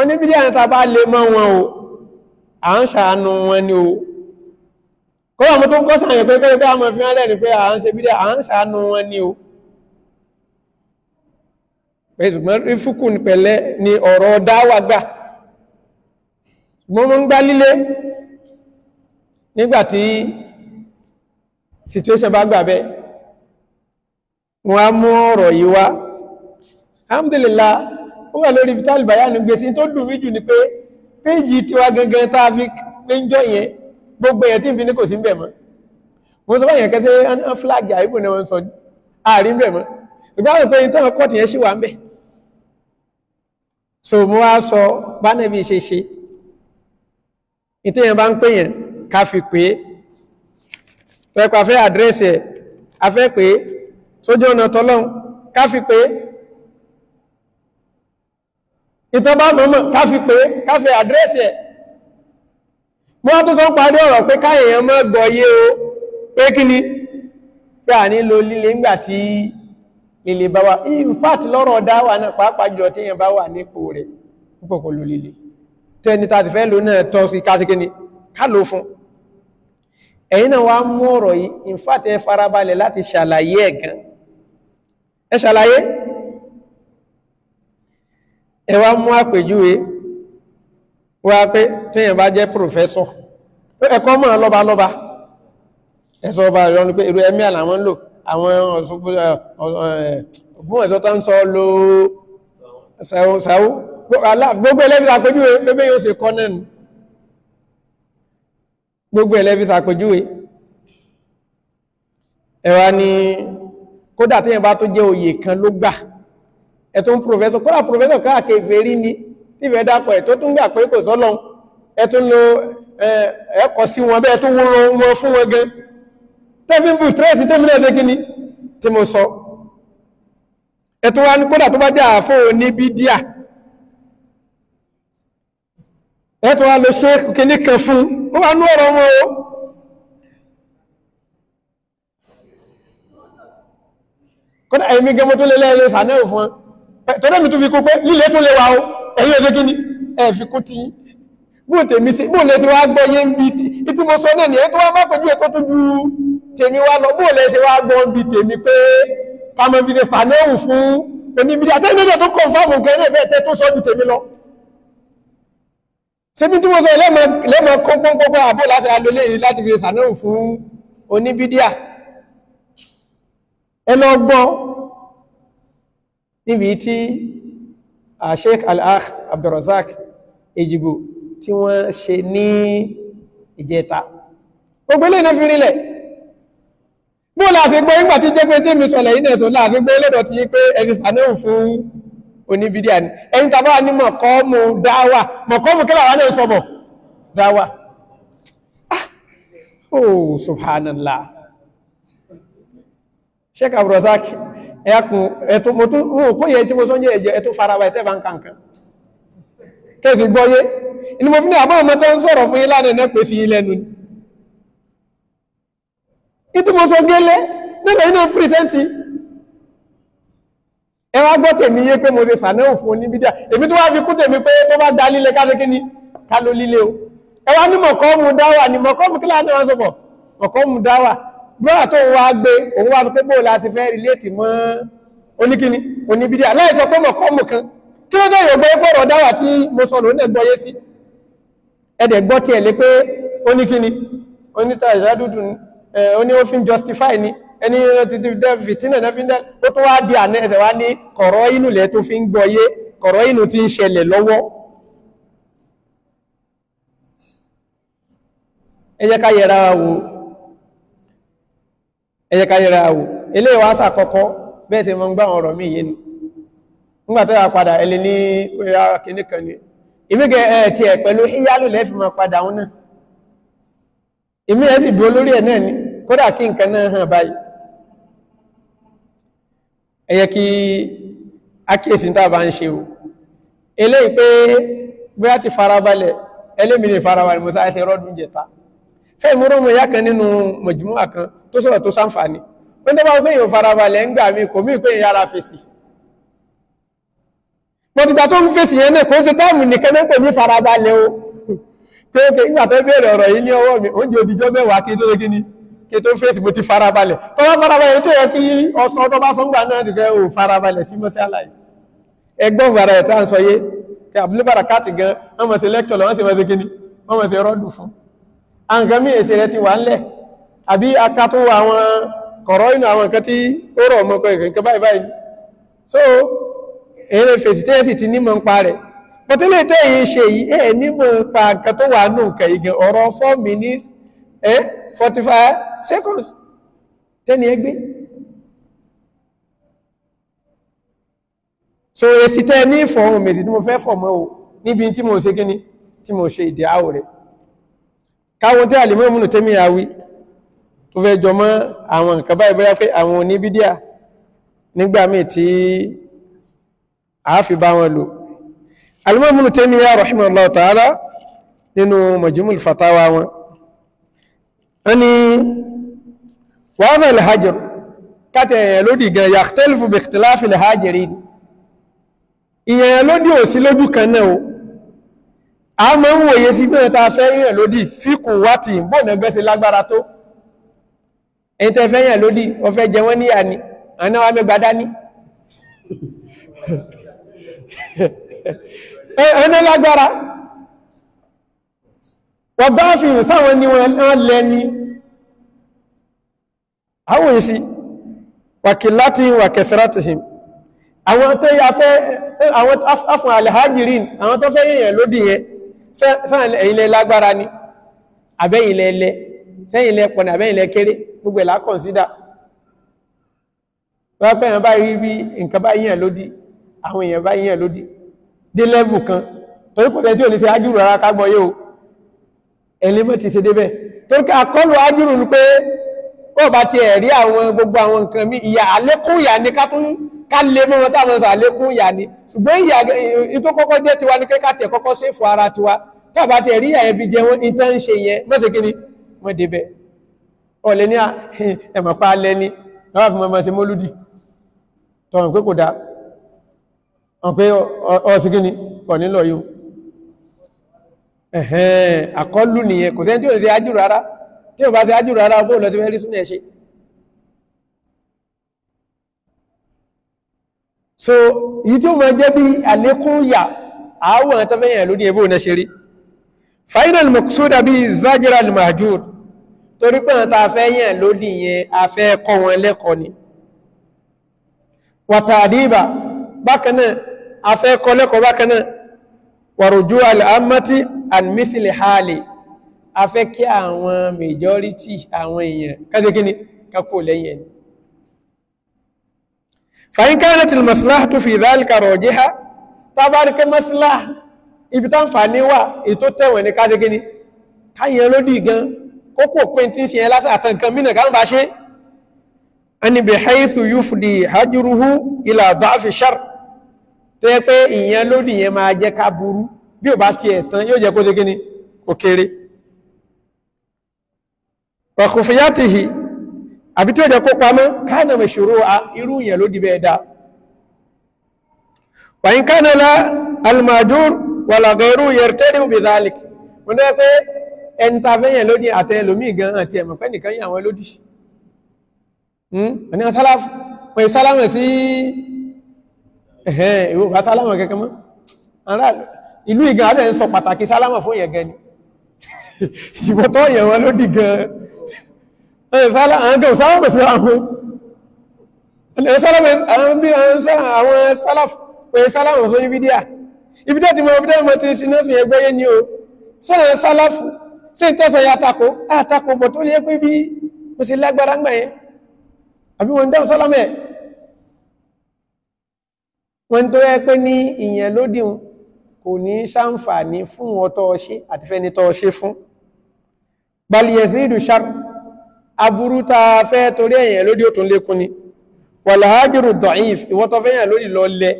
oníbídí àyẹ̀ta bá lè mọ́ wọn o à ń ṣàánú wọn ni o kọ́wọ́ mo tó ń kọ́ sàyẹ̀ pé kẹ́kẹ́ àmọ́ fi hàn lẹ́rìí pé à ń ṣe bídí à ṣùgbọ́n rífúkù pẹ̀lẹ́ ni ọ̀rọ̀ dáwà gbà mo mọ́ ń gbá lílé nígbàtí situation bá gbà bẹ́ wọ́n mú ọ̀rọ̀ yìí wá alhamdulillah ó wà lórí vital bayanu gbèsè tó dùn mí ni pé péjì tí wá gangan tá a fi péjọ yẹn gbogbo yẹn tí n fi ní kò sí bẹ̀ mọ́ mo sọ báyẹn kẹsẹ́ flag àìbò náà wọ́n sọ àárín bẹ̀ mọ́ ìgbà wọn pé ìtàn kọ́ọ̀tì yẹn ṣì ń bẹ̀ so mo wá sọ bánẹ́bí ṣe ṣe ìtẹ́yàn bá ń pè yẹn ká fi pé pẹ̀pẹ̀ afẹ́ àdírẹ́sì ẹ̀ afẹ́ pé sójú ọ̀nà tọ́lọ́n ká fi pé ìtọ́ bá mọ́mọ́ ká fi pé ká fi àdírẹ́sì ẹ̀ mo wá tó sọ parí ọ̀rọ̀ pé káyẹ̀yàn mọ́ gbọ́yé o pé kíni pé à ní lo líle ńgbà tí lílé bá wà in fact lọ́rọ̀ dáwà náà pàápàá jọ tí yẹn bá wà nípò rẹ̀ púpọ̀ kò ló lílé tẹni tàbí fẹ́ ló náà tọ́ sí kásíkí ni ká ló fún ẹ̀yin náà wá mú ọ̀rọ̀ yìí in fact ẹ farabalẹ̀ láti ṣàlàyé ẹ̀ gan ẹ ṣàlàyé ẹ wá mú àpèjúwe wá pé tí yẹn bá jẹ́ professor ẹ̀kọ́ mọ́ lọ́balọ́ba ẹ̀sọ́ ọba ìrọ̀rùn pé irú ẹ̀mí àlàmọ́ ń lò àwọn ọ̀gbọ́n ẹ̀sọ́ tó ń sọ lo ṣàwó gbogbo ẹlẹ́bí sàpèjúwe bébé yóò ṣe kọ́ nẹ́nu gbogbo ẹlẹ́bí sàpèjúwe ẹ̀wà ni kódà tí yẹn bá tó jẹ́ oyè kan ló gbà ẹ̀tún pòfẹ́sọ̀ kódà pòfẹ́sọ̀ káàkiri fèrí ni tí ìfẹ́ dápọ̀ ẹ̀ tó tún gbà pé kò sọ́lọ́ ẹ̀tún lo ẹ̀kọ́ sí wọn bẹ́ẹ̀ tó wọ́n fún wọn gẹ́gẹ́ tẹ́fí bù tírẹ́sì tẹ́mí náà jẹ́ kíní tí mo sọ ẹ̀tọ́ wa ní kódà tó bá jẹ́ àfó ní bídíà ẹ̀tọ́ wa lọ ṣe kíní kan fún ó wà ní ọ̀rọ̀ wọn o kódà ẹ̀mí gẹ́mọ́ tó lélẹ́ ilé sàánẹ́ òfin tọ́dọ̀ mi tó fi kó pé líle sí bóòlẹ́sí wá gbọ́ yé ń bí tí mo sọ náà ní ẹ̀ tó wá má pẹ̀lú ẹ̀kọ́ tó ju tèmi wá lọ bóò lẹ́sẹ̀ wá gbọ́n bí tèmi pé pàmọ́ fi ṣe fàánẹ́hùn fún oníbìdí àtẹ́lẹ́dẹ̀ tó kọ̀nfàmù nǹkan ẹ̀rẹ́ bẹ́ẹ̀ tẹ́ tó sọ bí tèmi lọ síbi tí mo sọ lẹ́mọ̀ kọ́pọ́npọ́pọ́ àbó láti alólè yìí láti fi ṣàánẹ́hùn fún oníbìdíà ẹlọ́gbọ́n níbi tí Sheikh Al-Akh Abdurrazak Ejigbo tí wọ́n ṣe ní ìjẹta gbogbo ilé ìnáfi rílẹ̀ bó la ṣe gbọ́ nígbà tí jẹ́ pé tèmi sọlẹ̀ yìí nẹ̀sọ́ láàfin gbé lọ́dọ̀ ti yí pé ẹ̀sìn sàdéhùn fún oníbídíà ni ẹni tàbá ní mọ̀kọ́mù dáwà mọ̀kọ́mù kí làwọn náà sọ̀bọ̀ dáwà ah, oh subhanallah sheik abdulrasaq ẹkùn ẹ̀tù mọ̀tún yẹ tí mo sọ jẹ́ ẹ̀jẹ̀ ẹ̀tù farawa ẹ̀tẹ́ bá ń kankan kẹsì gbọ́yé ni mo fi ní àbọ̀ ọmọ tó ń sọ̀rọ̀ fún yín lánàá pèsè yín lẹ́nu ni ìtí mo sọ gẹ́lẹ́ nígbà inú pírẹsẹ́ntì ẹwà gbọ́ tèmi yé pé mo ṣe sànẹ́wò fún oníbídíà èmi tó wá fi kú tèmi pé tó bá da líle ká lékíní ká ló líle o ẹwà ní mọ̀kọ́mù dáwà ní mọ̀kọ́mù kí láti wọ́n sọpọ̀ mọ̀kọ́mù dáwà brọ́dà tó wá gbé òun wá pé bóòlù àti fẹ́ rìlẹ́tì mọ́ oníkíní oníbídíà láì sọ pé mọ̀kọ́mù kan kí ló dé ìrògbé pọ̀rọ̀ dáwà tí mo sọ lónìí gbọ́yé sí ẹ̀dẹ̀ gbọ́ tiẹ̀ lé pé oníkíní onítà ìṣádùdù Eh, ó ní ó fi ń justify ẹni eh, títí eh, fìtínà náà fi ń ó tó wá di àná ẹsẹ̀ wá ní kọ̀rọ̀ inú fi ń gbọ́yé kọ̀rọ̀ inú ti ń ṣẹlẹ̀ lọ́wọ́ ẹ ká yẹra ilé sàkọ́kọ́ bẹ́ẹ̀ mọ́ ń gbá ọ̀rọ̀ mí yé ni padà ní ni ẹ̀ pẹ̀lú padà náà ìmí ẹ̀ sì lórí ẹ̀ náà kódà kí nǹkan náà hàn báyìí ẹ yẹ kí akíyèsí tá a ń ṣe o eléyìí pé bóyá ti farabalẹ̀ ẹlẹ́mìí ni farabalẹ̀ mo sáyẹsẹ̀ rọ́dún jẹta fẹ́ múròmù ìyá kan nínú mọ̀jùmọ́ kan tó sọ̀rọ̀ tó sáǹfààní wọ́n tó bá wọ́n pé èyàn farabalẹ̀ ń gbà mí kò mí pé ìyára fèsì mọ̀tìgbà tó ń fèsì yẹn náà kò ń ṣe tọ́ọ̀mù nìkan mẹ́pẹ̀ kí tó fèsì bó ti farabalẹ̀ tó bá farabalẹ̀ tó yẹ kí ọsán tó bá sọ gbà náà ti fẹ́ ò farabalẹ̀ sí mọ́sí aláì ẹgbọ́n bàrà ẹ̀ tá à ń sọ yé kí Abdul Barakat gan wọ́n mọ̀ sí lẹ́kítọ̀ lọ́wọ́ sí mọ́sí kíní wọ́n mọ̀ sí rọ́dù fún àǹkan mí èsì rẹ̀ ti wà ńlẹ̀ àbí akató àwọn kọ̀rọ̀ inú àwọn nǹkan tí ó rọ̀ ọmọ kan nǹkan báyìí báyìí so èrè fèsì tẹ́yẹ sì ti nímọ̀ ń pa rẹ̀ pọ̀tẹ́lẹ̀ tẹ́yìn ṣe yìí ẹ̀ four minutes eh? 45 seconds tẹ́ni ẹgbẹ́ so èsì tẹ́ ní ìfọ̀ ohun mèsì tí mo fẹ́ fọ̀ mọ́ o níbi tí mo ṣe kíní tí mo ṣe ìdí àwò rẹ̀ káwọn tí àlèmọ́ òmùnù tẹ́mí àwí tó fẹ́ jọmọ́ àwọn nǹkan báyìí bóyá pé àwọn oníbídíà nígbà míì tí àáfi bá wọn lò àlèmọ́ òmùnù tẹ́mí yá rahimahullah ta'ala nínú majmul fatawa ẹni wọ́fẹ̀ ìlhajjọ́ kátẹ̀ ẹ̀yẹ lódì gan yàtẹ́lìfù bẹ̀kìtìláfì ìlhajjẹ̀rí ìyẹn lódì ò sí lójú kan náà o a mọ́ ń wòye sí gbọ́nà ta fẹ́ yẹn lódì tí kò wá tí bọ́nà gbẹ́sẹ̀ lágbára tó ẹni lágbára wọ́n bá fi hàn sáwọn ni wọ́n lẹ́ni àwọn èsì wàkìláti wàkẹsìrátìhìn àwọn tó yà fẹ́ àwọn afún alhajirin àwọn tó fẹ́ yẹ̀yẹ̀ lódì yẹn sáàlẹ̀ ilẹ̀ lágbára ni àbẹ́yìnlẹ̀ ẹlẹ́ sẹ́yìnlẹ̀ pọ̀nà àbẹ́yìnlẹ̀ kéré gbogbo ẹ̀lá kọ̀nsídà wọ́n pẹ́ yẹn bá rí bí nǹkan bá yẹ̀yẹ̀ lódì àwọn èèyàn bá yẹ̀yẹ̀ lódì dé ẹ̀lẹ́ mọ́ ti ṣe débẹ̀ torí ká kọlù ájúrù ní pé ó bá ti ẹ̀rí àwọn gbogbo àwọn nǹkan mi ìyà àlékún ni ká tún ká lè mọ́ wọn táwọn sọ àlékún ìyà ni ṣùgbọ́n ìyà ìtò kọ́kọ́ jẹ́ tiwa ní kéka kọ́kọ́ sí fún ara tiwa tá ti ẹ̀rí ìyà yẹn fi wọn ìtẹ́ ṣe yẹn mọ́ kí ni mọ́ débẹ̀ ọ̀lẹ́ ní ẹ̀mọ̀ pa alẹ́ ni lọ́wọ́ fi mọ́ sí mọ́lúdì tọ̀rùn pé kò dá ọ̀pẹ́ ọ̀sìnkí ni ọ̀nílọ̀ yóò ẹ̀hẹ́n àkọlù nìyẹn kò sẹ́ni tí ò ṣe ájù rárá tí ò bá ṣe ájù rárá bóòlù ọtí fẹ́ rí ṣe so èyí tí ó máa jẹ́ bí àlékún yà àwọn ọ̀nà tọ́fẹ́ yẹn lórí ẹbí ṣe rí final maqsuda bí zajira al-mahjur torí pé àwọn tàfẹ́ yẹn lórí yẹn afẹ́ kọ́ wọn lẹ́kọ̀ọ́ ni wàtàdíbà bákan náà afẹ́ wàrùjú al'amati and mithili hali a fẹ́ kí àwọn majority àwọn èèyàn kásẹ̀ kí ni kakò lẹ́yìn ẹni fàyín káàrẹ̀ tí masláà tó fi ìdálìkà rọ̀jí ha ta bá rí kí masláà ibi tán fà ní wà ètò tẹ̀wọ̀n ní kásẹ̀ kí ni lódì gan kókò pín tí ṣe yẹn lásán tó yẹ pé ìyẹn lónìí yẹn máa jẹ́ ká burú bí ò bá tiẹ̀ tán yóò jẹ́ kó ṣe kíni kò kéré ọ̀kùnfìyàtìhì àbí tí ó jẹ́ kó pamọ́ káàna mẹ́ṣòro irú ìyẹn ló dìbẹ̀ ẹ̀dá wàyín káàna lá almajur wà lọ́gẹ̀rú yẹ̀rtẹ́rì bí zalik wọ́n dẹ́ pé ẹni ta fẹ́yẹ̀ lódì àtẹ́lómí gan àti ẹ̀mọ̀ pẹ́ nìkan yà hmm? wọ́n lódì ẹ̀hẹ́n ìwò bá sálámà kẹ́kẹ́ mọ́ ìlú ìgan àti ẹ̀ ń sọ pàtàkì sálámà fún yẹn gan ni ìbọ̀tọ́ yẹ̀ wọn ló dì gan àwọn sálámà sí àwọn àwọn sálàf pé sálámà fún ibidíà ibidíà ti mọ̀ ibidíà mọ̀ ti sinẹ́sùn yẹ gbọ́yé ni o sọ́rọ̀ sálàfù sí ìtọ́sọ̀ ya àtakò àtakò bọ̀ tó lè pé bí mo sì lágbára ń gbà yẹn àbí wọn dáhùn sálámà wọ́n tó yẹ pé ní ìyẹn lódìun kò ní ṣàǹfààní fún ọtọ́ ọṣẹ́ àti fẹ́ni tọ́ ọṣẹ́ fún baliyesi idushar aburú ta fẹ́ torí ẹ̀yẹn lódì ó tún lékún ni wàláhájìrù dọ̀íf ìwọ́n tó fẹ́yàn lódì lọ lẹ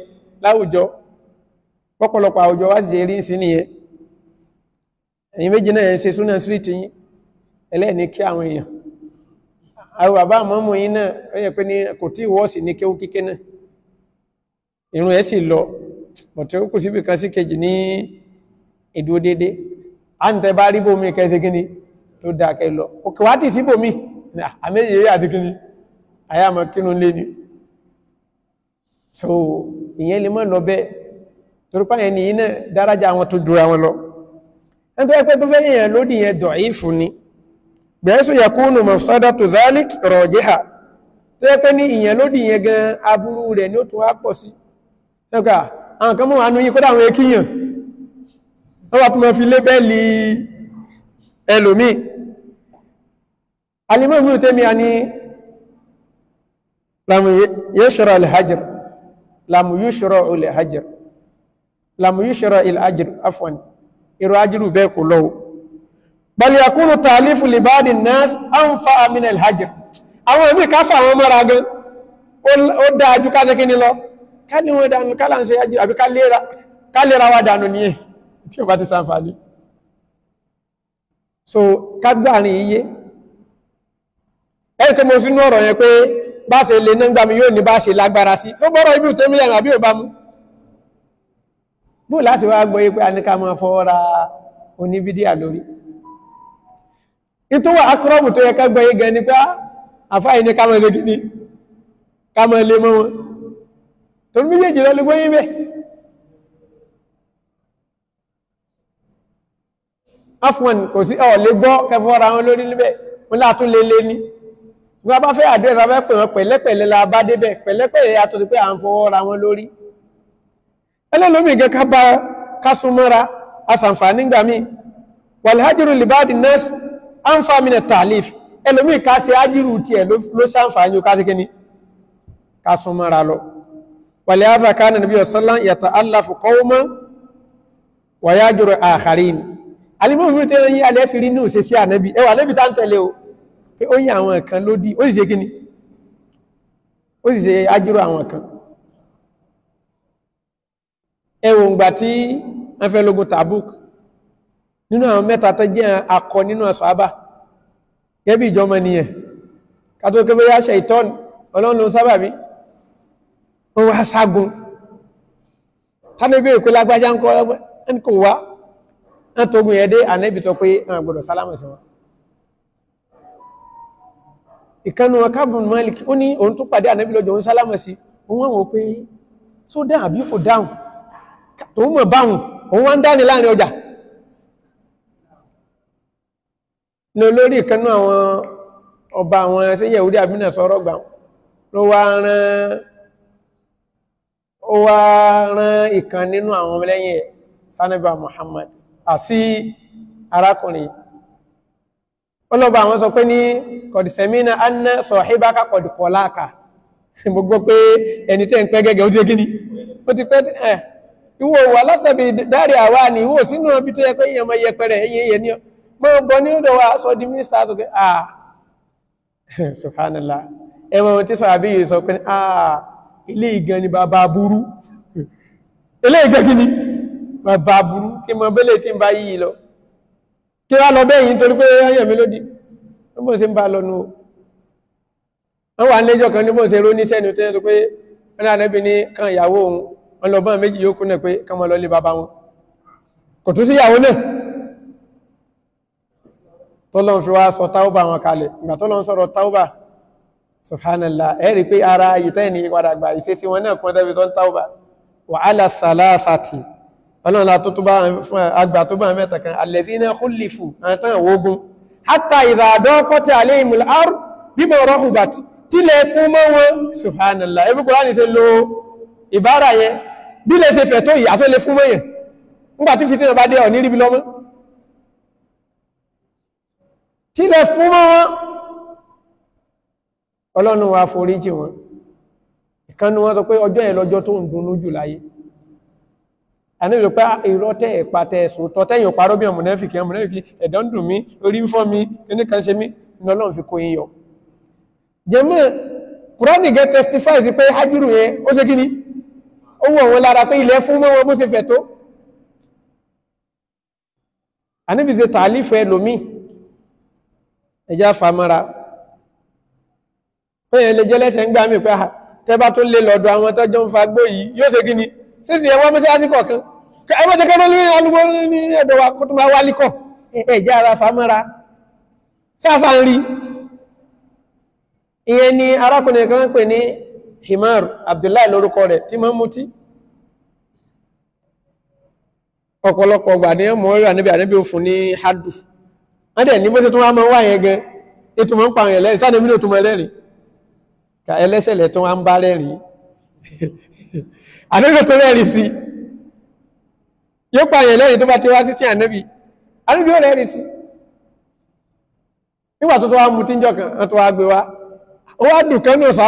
láwùjọ pọ́pọ̀lọpọ̀ àwùjọ wá sì jẹ́ rí sí nìyẹn ẹ̀yin méjì náà ṣe súnà síríìtì yín ẹlẹ́ẹ̀ni kí àwọn èèyàn àwọn bàbá àmọ́mù yín náà ó yẹ pé ní kò tí ìwọ́ọ̀sì ní kéwú irun ẹ̀ sì lọ bọ̀tí ó kù síbi kan sí kejì ní ìdúró dédé á ń tẹ bá rí bòmí kẹsí kíni tó dáa kẹ lọ òkè wá tì sí bòmí àmẹ́yẹ àti kíni àyàmọ̀ kírun lé ni so ìyẹn lè mọ́ lọ bẹ́ẹ̀ torípa yẹn nìyí náà dárájà wọn tó dúra wọn lọ ẹni tó yẹ pé tó fẹ́ yẹn lódì yẹn dọ̀ ìfún ni bẹ̀ẹ́sù yakunu mafsadatu dhalik rajiha tó yẹ pé ní ìyẹn lódì yẹn gan aburú rẹ̀ ni ó tún á pọ̀ sí ẹ̀kà àwọn kan mọ́ wà nú yí kódà àwọn ekíyàn wọ́n wà tó mọ́ fi lébẹ́lì ẹlòmí alimọ́mí tẹ́mi a ní lamu yẹ́ṣọ́rọ̀ alhajjir lamu yẹ́ṣọ́rọ̀ alhajjir lamu yẹ́ṣọ́rọ̀ alhajjir afwan irú ajiru bẹ́ẹ̀ kò lọ́wọ́ bal yakunu talifu libadi nas anfa min alhajjir àwọn ẹ̀mí káfà àwọn mọ́ra gan ó ká ní wọn dànù ká láǹṣe yájú àbí ká lera wa dànù ní ẹ̀ tí ó bá ti sàǹfàní so ká gbàrin iye ẹ̀rì pé mo sínú ọ̀rọ̀ yẹn pé bá ṣe lè nígbà mi yóò ní bá ṣe lágbára sí so bọ́rọ̀ ibi òtẹ́ mílíọ̀nù àbí òbá mú bó láti wá gbọ́ yí pé a ní ká máa fọwọ́ ra oníbídíà lórí ìtúwà akọ́rọ̀bù tó yẹ ká yí gan ni pé ah, àfáà yìí ní ká máa lè gíní ká máa lè mọ́ wọn torí méjèèjì lọ lúgbó yín bẹ́ afwan kò sí ọ̀ lè gbọ́ ẹfọ́ra wọn lórí níbẹ̀ wọn látún lè lé ní wọ́n bá fẹ́ àdúrà bá la bá débẹ̀ pẹ̀lẹ́pẹ̀lẹ́ yàtọ̀ sí pé à ń fọwọ́ ra wọn lórí ẹlẹ́lómi gẹ́ ká bá kásúnmọ́ra asànfàní gbà mí wàlhájúrù libadi nas anfàmìnà tàlif ẹlòmí ká ṣe ájírù tiẹ̀ ló ṣàǹfàní ولهذا كان النبي صلى الله عليه وسلم يتألف قوما ويجر آخرين alimu mi te yin ale fi rinu se si anabi e wa nabi tan tẹ̀lé o pé ó yin àwọn kan lodi ó sì ṣe kíni ó sì ṣe ajiro àwọn kan ẹ wò ngba tí an fẹ́ lógun Tabuk nínú àwọn mẹ́ta tó jẹ́ akọ nínú asaba ge bi ijo niyan ká tó ke bóyá shaitan Ọlọ́run ló sábàbí ó wá ságun tánàbí ìpínlẹ̀ agbájá ń kọ́ ẹnkò wá ń tógun yẹn dé ànẹ́bì tó pé àwọn gbọdọ̀ sálámà sí wọn ìkanu akábùn malik ó ní òun tó pàdé ànẹ́bì lọ́jọ́ òun sálámà sí òun wọ́n wọ́n pé só dáhùn àbí kò dáhùn tó mọ̀ báhùn òun wá ń ó wá rán ìkan nínú àwọn ọmọlẹ́yìn sanibà Muhammad àti arákùnrin ọlọ́ba àwọn sọ pé ní kọ̀dìsẹ̀mínà anna sọ̀híbákà kọ̀dìkọ̀láàkà mo gbọ́ pé ẹni tẹ́ ń pẹ́ gẹ́gẹ́ ó ti gíní ó ti pẹ́ ẹ̀ ìwò wà lásẹ̀bì dárí àwa ni ìwò sínú ibi tó yẹ pé èèyàn yẹpẹrẹ ẹyẹ ní ọ ní ọ̀dọ̀ wa sọ di mínísítà ah subhanallah ẹ mọ ohun tí sọ àbí ah ilé ìgan ni bàbá burú ilé ìgan kí ni bàbá burú kí mọ bẹ́lẹ̀ tí ń bá yìí lọ kí wá lọ bẹ́yìn torí pé ayẹ̀ mi lódì bó ṣe ń bá lọ nù ó wọ́n wà lẹ́jọ́ kan ní bó ṣe ró níṣẹ́ ni tó yẹ pé wọ́n dà nẹ́bi ní kan ìyàwó òun wọn lọ bọ́n méjì yókù náà pé kán mọ́ lọ lé bàbá wọn kò tún sí ìyàwó náà tọ́lọ́n fi wá sọ táúbà wọn kalẹ̀ ìgbà tọ́lọ́n sọ̀rọ̀ táúbà subhanallah ẹ̀rí pé ara ayìtẹ́ ní padà gbà ìṣesí wọn náà kún tẹ́bí tó ń tàwà wà ala salasati ọlọ́nà àgbà tó bá mẹ́ta kan alladhina khulifu àtàn ogun hatta idha daqat alayhimul ard bima rahubat tílẹ̀ fún mọ́ wọn subhanallah ẹbí kùránì ṣe lo ìbára yẹn bí lè ṣe fẹ̀ tó yìí ọlọ́run wa foríjì wọn ìkanu wọn sọ pé ọjọ́ yẹn lọ́jọ́ tó ń dunnú jù láyé àníbi pé ah, irọ́ tẹ́ ẹ̀pa tẹ́ ẹ̀sùn tọ́ tẹ́yìn ọ̀parọ́ bí ọmọnẹ́fìkì ọmọnẹ́fìkì ẹ̀dọ́ ń dùn mí orí ń fọ́ mi kíní kan ṣe mí ní fi kó yín jẹ́mọ́ kùránì gẹ́ testifies pé hajjúrù yẹn ó ṣe kíní ó wọ̀ wọn lára pé ilẹ̀ fún mọ́ wọn bó ṣe fẹ̀ tó àníbi ṣe lomi ẹja famara wọ́n yẹn lè jẹ́ lẹ́sẹ̀ ń gbá mi pé ah, tẹ́ bá tó lé lọ́dọ̀ àwọn tọ́jọ́ ń fa gbó yìí yóò ṣe kí ni sísì ẹ̀ wọ́n mọ́sálásí kọ̀ọ̀kan ẹ bọ́ jẹ́kẹ́ ara famọ́ra sáfà ń rí ìyẹn ni arákùnrin kan pè ní Himar Abdullahi lórúkọ rẹ̀ tí máa ń mutí ọ̀pọ̀lọpọ̀ ọgbà ní ọmọ orí àníbí àníbí òfin ní hadu wọ́n dẹ̀ ní bó tó wá máa ń wá ètò máa ń pa àwọn ẹlẹ́rìí táwọn ẹ̀mí ní òtún ẹlẹ́sẹ̀lẹ̀ tó wá ń bá rẹ́rìn àdébò tó rẹ́rìn sí yóò pààyàn lẹ́yìn tó bá ti wá sí tí ànábì ànábì ó rẹ́rìn sí nígbà tó tó wá mú tíjọ kan tó wá gbé wá ó wá dùn kánú sọ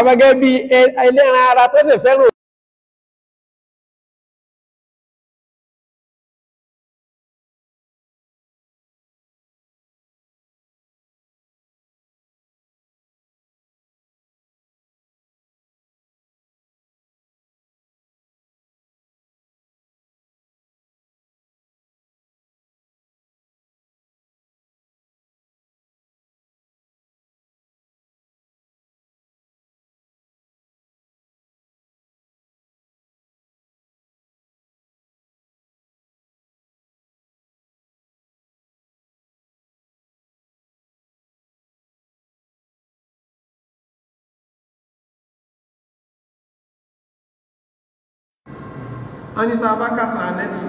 wọ́n ní tàbá kàtà ànẹ́bí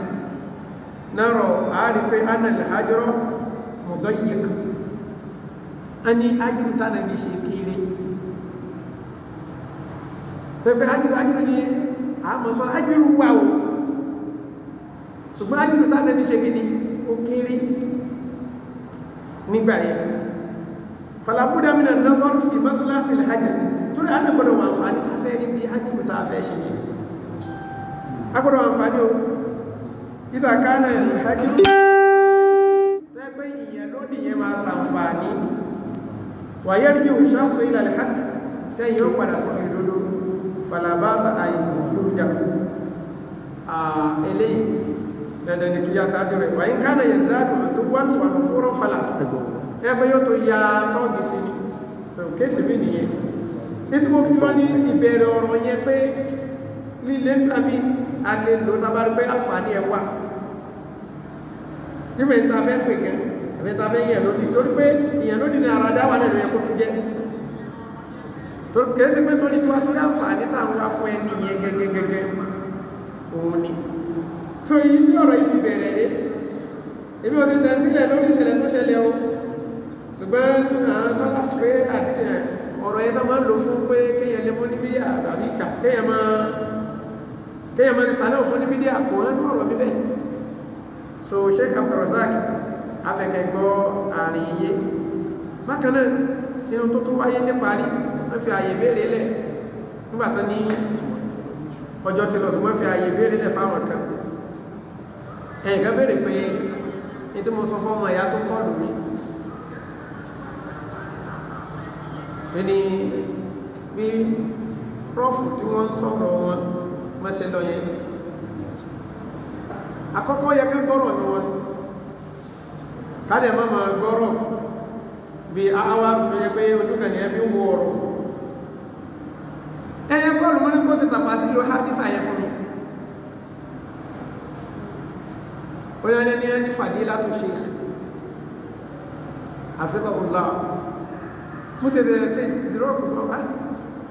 nárọ̀ àárí pé ánàlẹ̀ àjọ́rọ̀ mọ̀gọ́ yìí kan wọ́n ní ájúrútà ànẹ́bí ṣe kéré tẹ́fẹ́ ájúrú ájúrú ní àmọ́sọ́ ájúrú wà ó ṣùgbọ́n ájúrútà ànẹ́bí ṣe kéré ó kéré nígbà yẹn falabuda mina nazar fi masalati alhajj torí ànẹ́gbọ́dọ̀ wà àǹfààní tàfẹ́ níbi ájúrútà àfẹ́ ṣe yìí agbọ́dọ̀ àǹfààní o ìtàkánà ìlúhájú tẹ́gbẹ́ ìyẹn lónìí yẹn máa sàǹfààní wàyẹ́ rí òṣàkó ilẹ̀ alhaq tẹ́yìn ó padà sọ ìdodo falabasa àìkú yóò jà a sáájú rẹ̀ wàyí kánà yẹ sáájú tó wọ́n wà ní fúrọ́ falà ẹgbẹ́ yóò tó ya tọ́jú sí so kéèsì bí nìyẹn nítorí mo fi lọ ní a lè lò tá a bá rí pé àǹfààní ẹ̀ wà nífẹ̀ẹ́ ní ta fẹ́ pè kẹ́ ẹ̀fẹ́ ta fẹ́ yẹ̀ lódì torí pé ìyẹn lódì ní ara dá wà nínú ẹ̀kọ́ tó jẹ́ kèsì pé torí tó wá torí àǹfààní táwọn wá fún ẹni yẹn gẹ́gẹ́gẹ́gẹ́ òun ni so èyí tí ọ̀rọ̀ yìí fi bẹ̀rẹ̀ rẹ̀ ebi wọ́n ti tẹ̀ sílẹ̀ lórí ìṣẹ̀lẹ̀ tó ṣẹlẹ̀ o ṣùgbọ́n àwọn sọ́lá pé àdéhùn ọ̀rọ̀ yẹn sábà ń lò fún pé kéèyàn lè mọ́ níbí àbíkà kéèyàn máa kéèyàn máa ń sálẹ̀ òfin níbi dé àpò ẹnu ọ̀rọ̀ bíbẹ̀ so Sheikh Abdulrasaq afẹ́kẹ̀gbọ́ àárín iye bákan náà sínú tó tún wáyé ní parí wọ́n fi àyè béèrè lẹ̀ nígbà tó ní ọjọ́ ti lọ tó wọ́n fi àyè béèrè lẹ̀ fáwọn kan ẹ̀yìn kan béèrè pé ní tí mo sọ fọ́ ìyá tó kọlù mi ní bí prọ́fù tí wọ́n sọ̀rọ̀ wọn mẹsẹ lọ yẹ àkọ́kọ́ yẹ ká gbọrọ ni wọn kádẹ má máa gbọrọ bí àwa tó yẹ pé ojú kan yẹn fi ń wọ ọ̀rọ̀ ẹyẹ kọlù mọ ní kó sì tàpá sí ló hádìsà yẹ fún mi ó yẹ ní ẹni fàdílà tó ṣe àfikọ̀ ọ̀la mo sì rẹ̀ tí ìdúró kò gbọ́ bá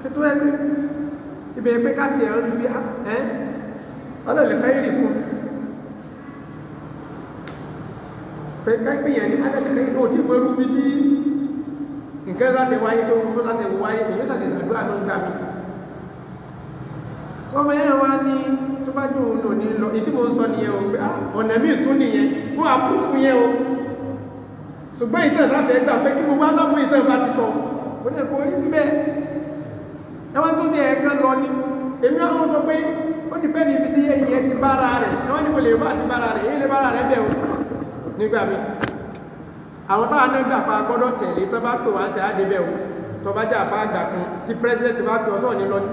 kí tó ẹgbẹ́ ibẹ̀ pé káàtì ẹ̀rọ fi ẹ́ ọlọ́ọ̀lẹ̀ fẹ́ rì kún pé káìpìyàn ní alẹ́lẹ̀ fẹ́ náà tí mo rú bí tí nǹkan láti wáyé tó ń fún láti wáyé èyí sàtẹ̀ ìṣàdúrà ló ń gbà mí sọmọ yẹn wá ní tó bá jù òun lòní lọ èyí tí mo ń sọ nìyẹn o pé ah, ọ̀nà míì tún nìyẹn fún àkúfù yẹn o ṣùgbọ́n ìtàn sáfẹ́ gbà pé kí gbogbo aṣọ́mú ìtàn bá ti sọ òun ẹ̀kọ́ yìí síbẹ̀ ẹ̀wọ̀n tó ti ẹ̀ẹ̀kan lọ ni èmi àwọn sọ pé ó ti fẹ́ ní ibi tí ẹ̀yìn ẹ̀ ti bára rẹ̀ ẹ̀wọ̀n ní kò lè bá ti bára rẹ̀ èyí lè bára rẹ̀ bẹ̀ o nígbà mi àwọn táwọn náà gbà pa gbọ́dọ̀ tẹ̀lé tó bá pè wá sí àdé bẹ̀ o tó bá jà fá àgbà kan tí pírẹsidẹ́ntì bá pè ọ sọ̀ọ́ ní lọ́ni.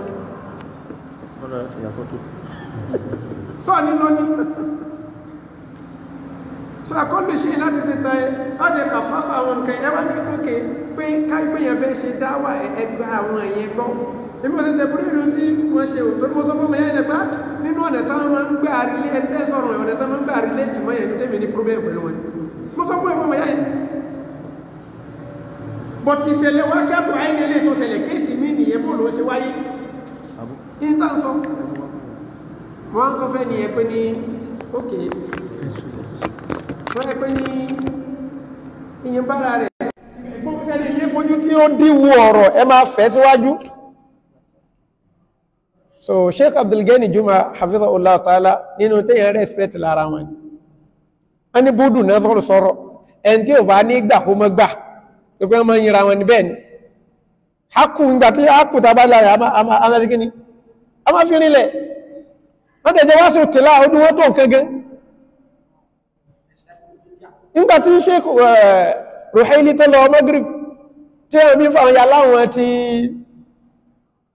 sọ̀ọ́ ní lọ́ni so ṣe láti ṣe ta ẹ kàfáfá àwọn nǹkan ẹ wá ní kókè pé káyọ̀ pé yẹn fẹ́ ṣe dáwà ẹgbẹ́ àwọn ẹ̀yẹn gbọ́ èmi ò tètè burú ìrìn tí wọ́n ṣe ò torí mo sọ fún mi ẹ̀ẹ́dẹ̀ bá nínú ọ̀nà táwọn máa ń gbé àrílé ẹ̀tẹ́ sọ̀rọ̀ ọ̀nà táwọn máa ń gbé àrílé tì mọ́ yẹn tẹ́mi ní pírọ́bẹ̀mù pẹ̀lú wọn mo sọ fún ẹ̀fọ́n yẹn bọ̀t ìṣẹ̀lẹ̀ wá jàtọ̀ ayẹyẹ tó ṣẹlẹ̀ kéèsì mí nìyẹn bó ló ṣe wáyé níta ń sọ wọ́n ń sọ fẹ́ ni ẹ pé ní ókè wọ́n ẹ pé ní ìyẹn bára rẹ̀ gbọ́n fẹ́ ni ilé fojú tí ó díwò ọ̀rọ̀ ẹ máa fẹ́ síwájú so sheikh abdulgani juma hafizahullah ta'ala nínú téèyàn respect lára wọn ni wọn ní búdù náà fọrọ sọ̀rọ̀ ẹni tí ò bá ní gbà kó mọ gbà pípẹ́ ọmọ yìnra wọn ni bẹ́ẹ̀ ni hakù ń gbà tí hakù tábà láyà amẹ́ríkíní a máa fi rinlẹ̀ wọ́n tẹ̀jẹ́ wá sí tìlá ọdún wọ́n tó kẹ́gẹ́ nígbà tí sheikh eh, ruhaili tó lọ Maghrib tí ẹ̀mí fàwọn yà láwọn ti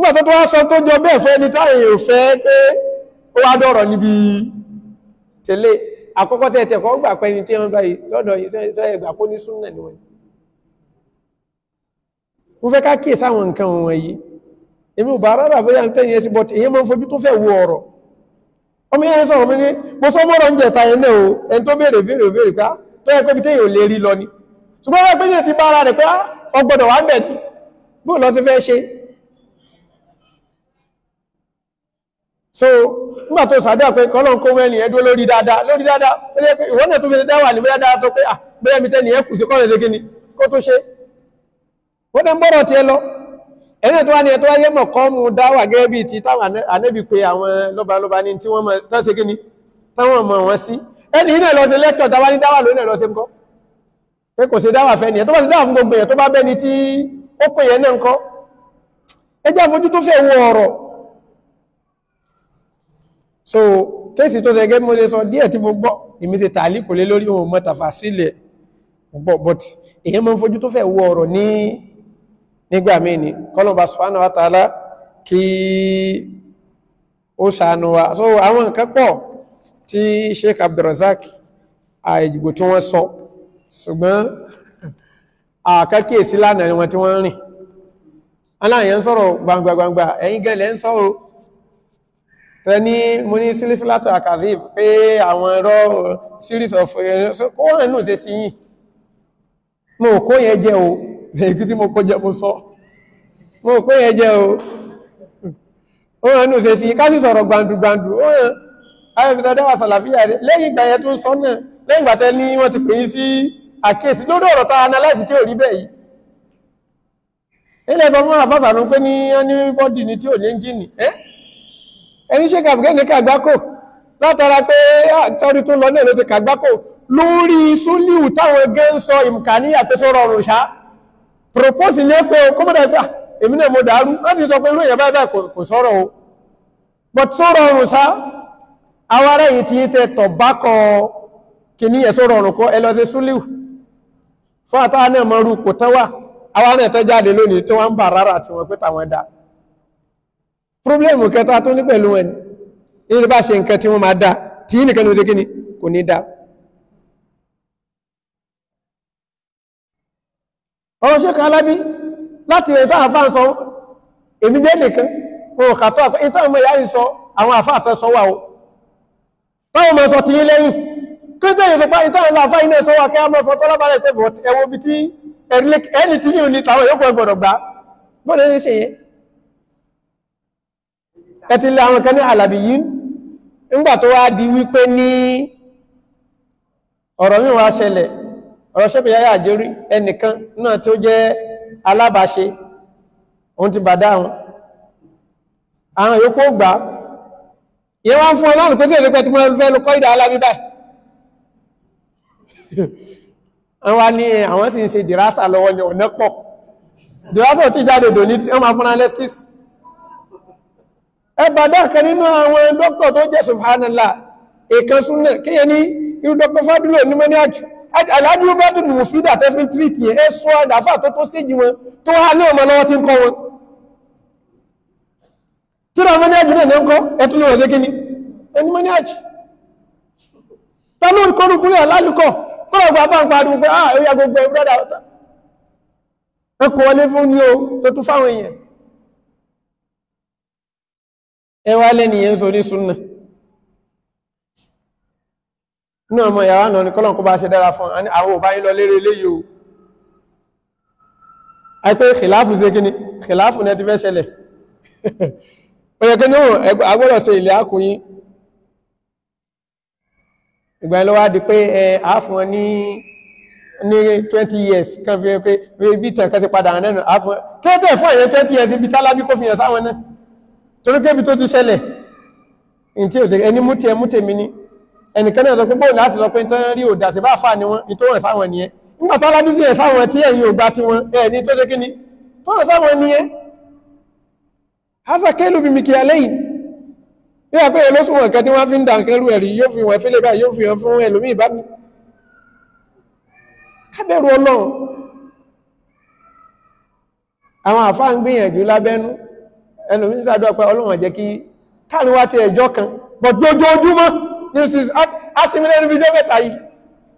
nígbà tó tó wá sọ tó jọ bẹ́ẹ̀ fẹ́ ní táyẹ̀ ò fẹ́ pé ó wá dọ̀rọ̀ níbi tẹ́lẹ̀ àkọ́kọ́ tẹ́ tẹ̀kọ́ gbà pé ẹni tí wọ́n bá lọ́dọ̀ yìí sẹ́yẹ̀ gbà kó ní súnnà ni wọ́n mo fẹ́ ká kíyè sáwọn nǹkan wọn yìí èmi ò bá rárá bóyá nǹkan yẹn sí bọ́t èyí máa ń fojú tó fẹ́ wo ọ̀rọ̀ ọmọ yẹn sọ̀rọ̀ mi ní mo sọ mọ́rọ̀ ń jẹ̀ta yẹn náà o ẹni tó béèrè béèrè béèrè ká ah, tó yẹ pé bí téèyàn ò lè rí lọ ni ṣùgbọ́n wọ́n pé yẹn ti bá ara rẹ̀ pé ọgbọ́dọ̀ ah, wà bẹ̀ ni bó lọ sí fẹ́ ṣe so nígbà tó sàdá pé kọ́lọ̀ kó mẹ́ni ẹ dúró lórí dáadáa lórí dáadáa ó lé pé ìwọ́n náà tó fi dá wà ní dáadáa tó pé àbẹ́yẹ ah, mi tẹ́ni ẹ kù sí kọ́lọ̀ lẹ́gẹ́ni kó tó ṣe wọ́n tẹ́ ń bọ́rọ̀ tiẹ lọ ẹni tó wá ní ẹ tó wáyé mọ̀ kọ́ mu dá wà gẹ́gẹ́ bíi ti táwọn anẹ́bí pé àwọn lọ́balọ́ba ní tí wọ́n mọ̀ tán ṣe kíni táwọn mọ̀ wọ́n sí ẹni dáwà lónìí ti dáwà so kéèsì tó sẹ́gẹ́ mo lè sọ díẹ̀ tí mo gbọ́ èmi ṣe tààlì kò lé lórí ohun mọ́tàfà sílẹ̀ gbọ́ but èyàn mọ́ fojú tó fẹ́ wọ ọ̀rọ̀ ní nígbà míì ni kọ́lọ̀bà subhanahu wa ta'ala kí ó ṣàánú wa so àwọn nǹkan pọ̀ tí Sheikh Abdulrazak àìgbò tí wọ́n sọ ṣùgbọ́n àkákíyèsí lánàá wọn tí wọ́n rìn aláàyàn sọ̀rọ̀ gbangbàgbàgbà ẹ̀yin gẹ́lẹ̀ ń sọ̀rọ̀ tẹ ní mo ní sílísílátò àkàzí pé àwọn ẹ̀rọ series of eh, kó wọ́n nù ṣe sí yìí mo kó yẹn jẹ o èyí tí mo kó jẹ mo sọ mo kó yẹn jẹ o ó hàn nù ṣe sí ká sì sọ̀rọ̀ gbàndùgbàndù ó hàn ayọ̀bìtàdẹ́wà sàlàfíà lẹ́yìn ìgbà yẹn tó ń sọ náà lẹ́yìn ìgbà tẹ ní wọ́n ti ni tí ò ní ẹ́ńjìnì ẹ́ ẹni ṣe kàbùkẹ́ ní kàgbákò látara pé àtọ́rí tó lọ náà ló ti kàgbákò lórí súnlíù táwọn ẹgbẹ́ ń sọ ìmùkàníyà pé sọ́rọ̀ ọ̀rùn ṣá propose ní pé o kọ́mọ̀dà gbà èmi náà mo dàrú wọ́n sì sọ pé irú ìyàbá bá kò sọ̀rọ̀ o but sọ̀rọ̀ ọ̀rùn ṣá àwọn ará yìí ti tẹ tọ̀bákọ̀ kìníyà sọ̀rọ̀ ọ̀rùn kọ́ ẹ lọ sí fún àtàwọn náà mọ̀rú kò tán wà àwọn náà tẹ́ jáde lónìí tí wọ́n ń bà rárá tí wọ́n pé tàwọn dáa problem kẹta tó ní pẹ̀lú ẹni ilé bá ṣe nǹkan tí wọ́n máa dá tí nìkan ló ṣe kí ni kò ní dá ọ̀rọ̀ ṣe kan alábí láti ẹ̀fà àfáà sọ èmi jẹ́ nìkan ohun kàtọ́ àpẹ́ ìtàn ọmọ ìyá ìsọ àwọn àfáà tẹ́ sọ wà ó táwọn ọmọ sọ ti yí lẹ́yìn kéde ìrìnpá ìtàn ọmọ àfáà iná sọ wà kí a mọ́ ẹ̀tí lé àwọn kan ní àlàbí yìí ńgbà tó wá di wípé ní ọ̀rọ̀ mi wá ṣẹlẹ̀ ọ̀rọ̀ ṣẹ́pẹ̀ yáyà àjẹ́rí ẹnìkan náà tó jẹ́ alábàáṣe òun ti bàdá wọn àwọn yòókù gbà yẹ wá fún ọlọ́run pé sí èdè pẹ́ tí wọ́n ẹbàdá kan nínú àwọn dókítà tó jẹ́ subhanallah èkan súnà kíyẹ ní irú dókítà fádúlò ní mẹ́ni àjù aláàjú bá tún nù fi tẹ́fí tírìtì ẹ sọ àdáfà tó tó séjì wọn tó wá ní ọmọ lọ́wọ́ tí ń kọ́ wọn tíra mẹ́ni àjù náà kọ́ ẹtún lè wọ̀dé ẹni mẹ́ni àjù tánú alálùkọ́ kọ́ ẹ wá lẹ́ni yẹn sórí súnnà náà mọ̀ yàrá náà ní kọ́lọ̀kú bá ṣe dára fún àwọn òbá yìí lọ lérè léyìí o àìpé kìláàfù ṣe kí ni kìláàfù ní agbọ́dọ̀ ní 20 years kan fi hàn pé bí ìtàn kan ti padà hàn nẹ́nu àáfún kí ó tẹ̀ fún ẹ̀yẹ 20 years ibi tálábí kó fi hàn sáwọn náà torí kébi tó ti ṣẹlẹ̀ ìtí ò jẹ́ ẹni mú tiẹ̀ mú tèmi ni ẹnìkan náà sọ pé bóòlù láti lọ pé tán rí òdà sí bá fà ní wọn ìtò hàn sáwọn ẹni yẹn nígbà tó aládùn sí ẹ̀ sáwọn tí ẹ̀yìn ò gba ti wọn ẹni tó ṣe kíni tó hàn sáwọn ẹni yẹn hasakelu bí mi kì í alẹ́ yìí yóò ẹnùmí ń sàdọ́ pé ọlọ́run jẹ́ kí káàrin wá ti ẹjọ́ kan but lójoojúmọ́ ní sí asimilated video mẹ́ta yìí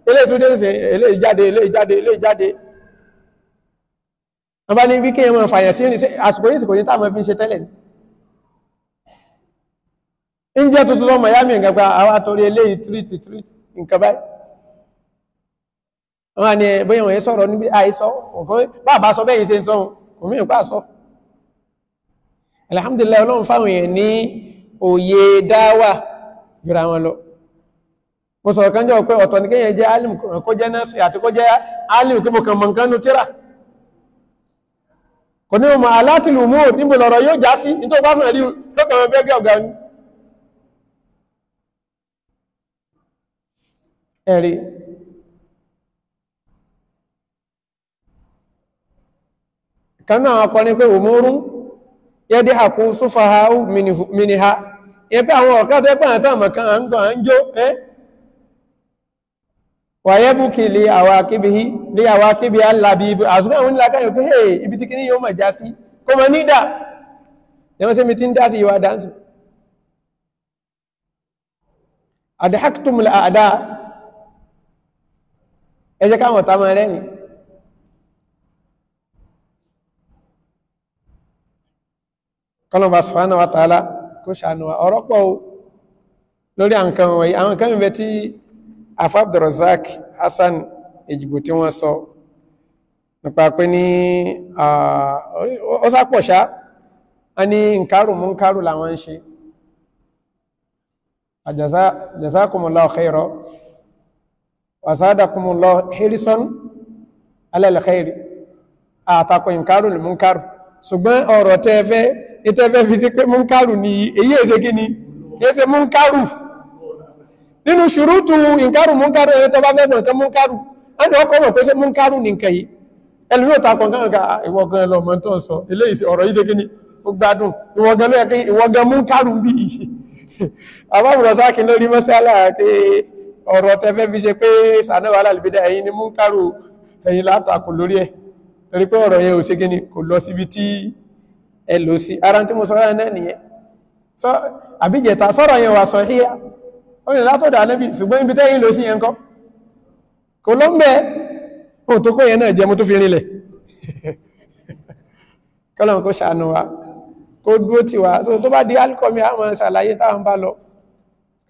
eléyìí tó dé ní sìn eléyìí jáde eléyìí jáde eléyìí jáde wọ́n bá ní wí kéèyàn máa fàyàn sí àsìkò yìí sìkò yìí táwọn fi ń ṣe tẹ́lẹ̀ ní ń jẹ́ tuntun lọ́mọ yá mi nǹkan pa àwa torí wọ́n á ní bóyá wọ́n yẹn sọ̀rọ̀ níbi àìsọ bá bá sọ bẹ́ẹ̀ yìí ń sọ òmíì pa sọ alhamdulillah ọlọ́run fáwọn èèyàn ní òye dáwà jùra wọn lọ mo sọ̀rọ̀ kan jọ pé ọ̀tọ̀ ní kéèyàn jẹ́ alim kó jẹ́ nọ́ọ̀sì àti kó jẹ́ alim kí mo kàn mọ̀ nǹkan nu tíra kò ní mọ̀ alátìlú mú ẹ̀rí lọ́kàn mọ́ pé òmórún yẹ́dẹ́ àkú súnfàá mìnìhà ẹgbẹ́ àwọn ọ̀kádẹ́ pàà tààmà kan à ń gbà ń jó ẹ́ wàyẹ́bùkì lè àwà kíbi lè àwà kíbi alábi ibi àzúgbà àwọn nílákàyọ̀ pé hey ibi tí kìí yóò mọ̀ já sí kó mọ̀ nídà ẹwọ́n sí mi ti ń dá sí ìwà dáńsì àdáhàkùtùmùlà ni kọ́lọ́mà subhanahu wa ta'ala kó ṣàánú wa ọ̀rọ̀ pọ̀ o lórí àwọn kan wọ̀nyí àwọn kan bẹ tí afa abdulrasaq hasan ìjìbò tí wọ́n sọ nípa pé ní ó sápọ̀ ṣá a ní nkárù mú nkárù làwọn ń ṣe jazakumullahu khairan wasadakumullahu hirisan alal khairi àtakò nkárù lè mú nkárù ṣùgbọ́n ọ̀rọ̀ tẹ́ ìtẹ́fẹ́ fi sí pé múnkàrù ni èyí èsè kí ni kìí ṣe múnkàrù nínú ṣùrútù ìǹkàrù múnkàrù ẹni tó bá fẹ́ mọ̀ nǹkan múnkàrù a ní ọkọ̀ mọ̀ pé ṣe múnkàrù ní nǹkan yìí ẹlùmí òta kọ̀ọ̀kan ìwọ̀gan ọ̀rọ̀ ni ó gbádùn ìwọ̀gan ló yẹ kí ìwọ̀gan múnkàrù ń bí yìí àbáwùrọ̀ sáàkì lórí mọ́sálà pé ọ̀rọ̀ ni múnkàrù ẹ̀yin látakò lórí ẹ̀ torí pé ọ̀rọ̀ yẹn ò ṣe kí kò lọ síbi tí ẹ lò sí ara tí mo sọ ẹ náà nìyẹn sọ àbíjẹta sọ̀rọ̀ yẹn wà sọ híyà ó yẹ látọ̀dọ̀ ànábì ṣùgbọ́n ibi tẹ́yìn lò sí yẹn kọ́ kò ló ń bẹ́ẹ̀ ó tó kó yẹn náà jẹ́ mo tó fi rinlẹ̀ kọ́lọ̀ kó ṣàánú wa kó dúró tì wá so tó bá di alukọ́mi àwọn ṣàlàyé táwọn bá lọ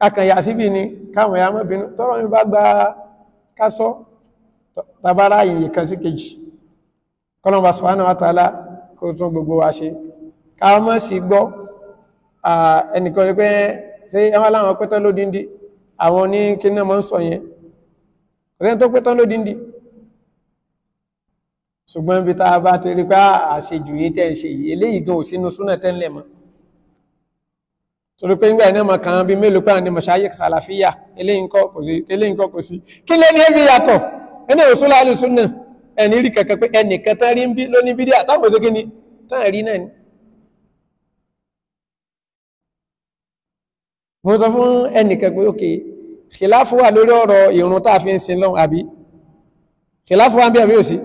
akànyà síbi ni káwọn ya mọ́ bínú tọ́rọ mi bá gba kásọ́ tàbára yìnyín kan sí kejì kọ́lọ̀ bá subhanahu wa ta'ala kó tún gbogbo wa ṣe ká mọ́ sí gbọ́ ẹnìkan ní pé ṣe ẹwà láwọn pẹ́tọ́ lódíndí àwọn ní kí náà mọ́ ń sọ yẹn ọ̀rẹ́ tó pẹ́tọ́ lódíndí ṣùgbọ́n ibi tá a bá ti rí pé àṣejù yìí tẹ́ ń ṣe yìí eléyìí gan ò sínú súnà tẹ́ńlẹ̀ mọ́ torí pé nígbà náà mọ̀ kàn bí mélòó pẹ́ràn ní mọ̀ṣáyé sàlàfíà eléyìí ń kọ́ kò sí kí lé ní ẹbí yàtọ̀ ẹni òṣùlá alùsùn náà ẹni rí kankan pé ẹnìkan tán rí ń bí lóní bídíà táwọn èso kíni tán rí náà ni. mo sọ fún ẹnìkan pé òkè ṣìláfù wà lórí ọ̀rọ̀ ìrun tá a fi ń sin lọ́hùn àbí ṣìláfù wà ń bí àbí òsì.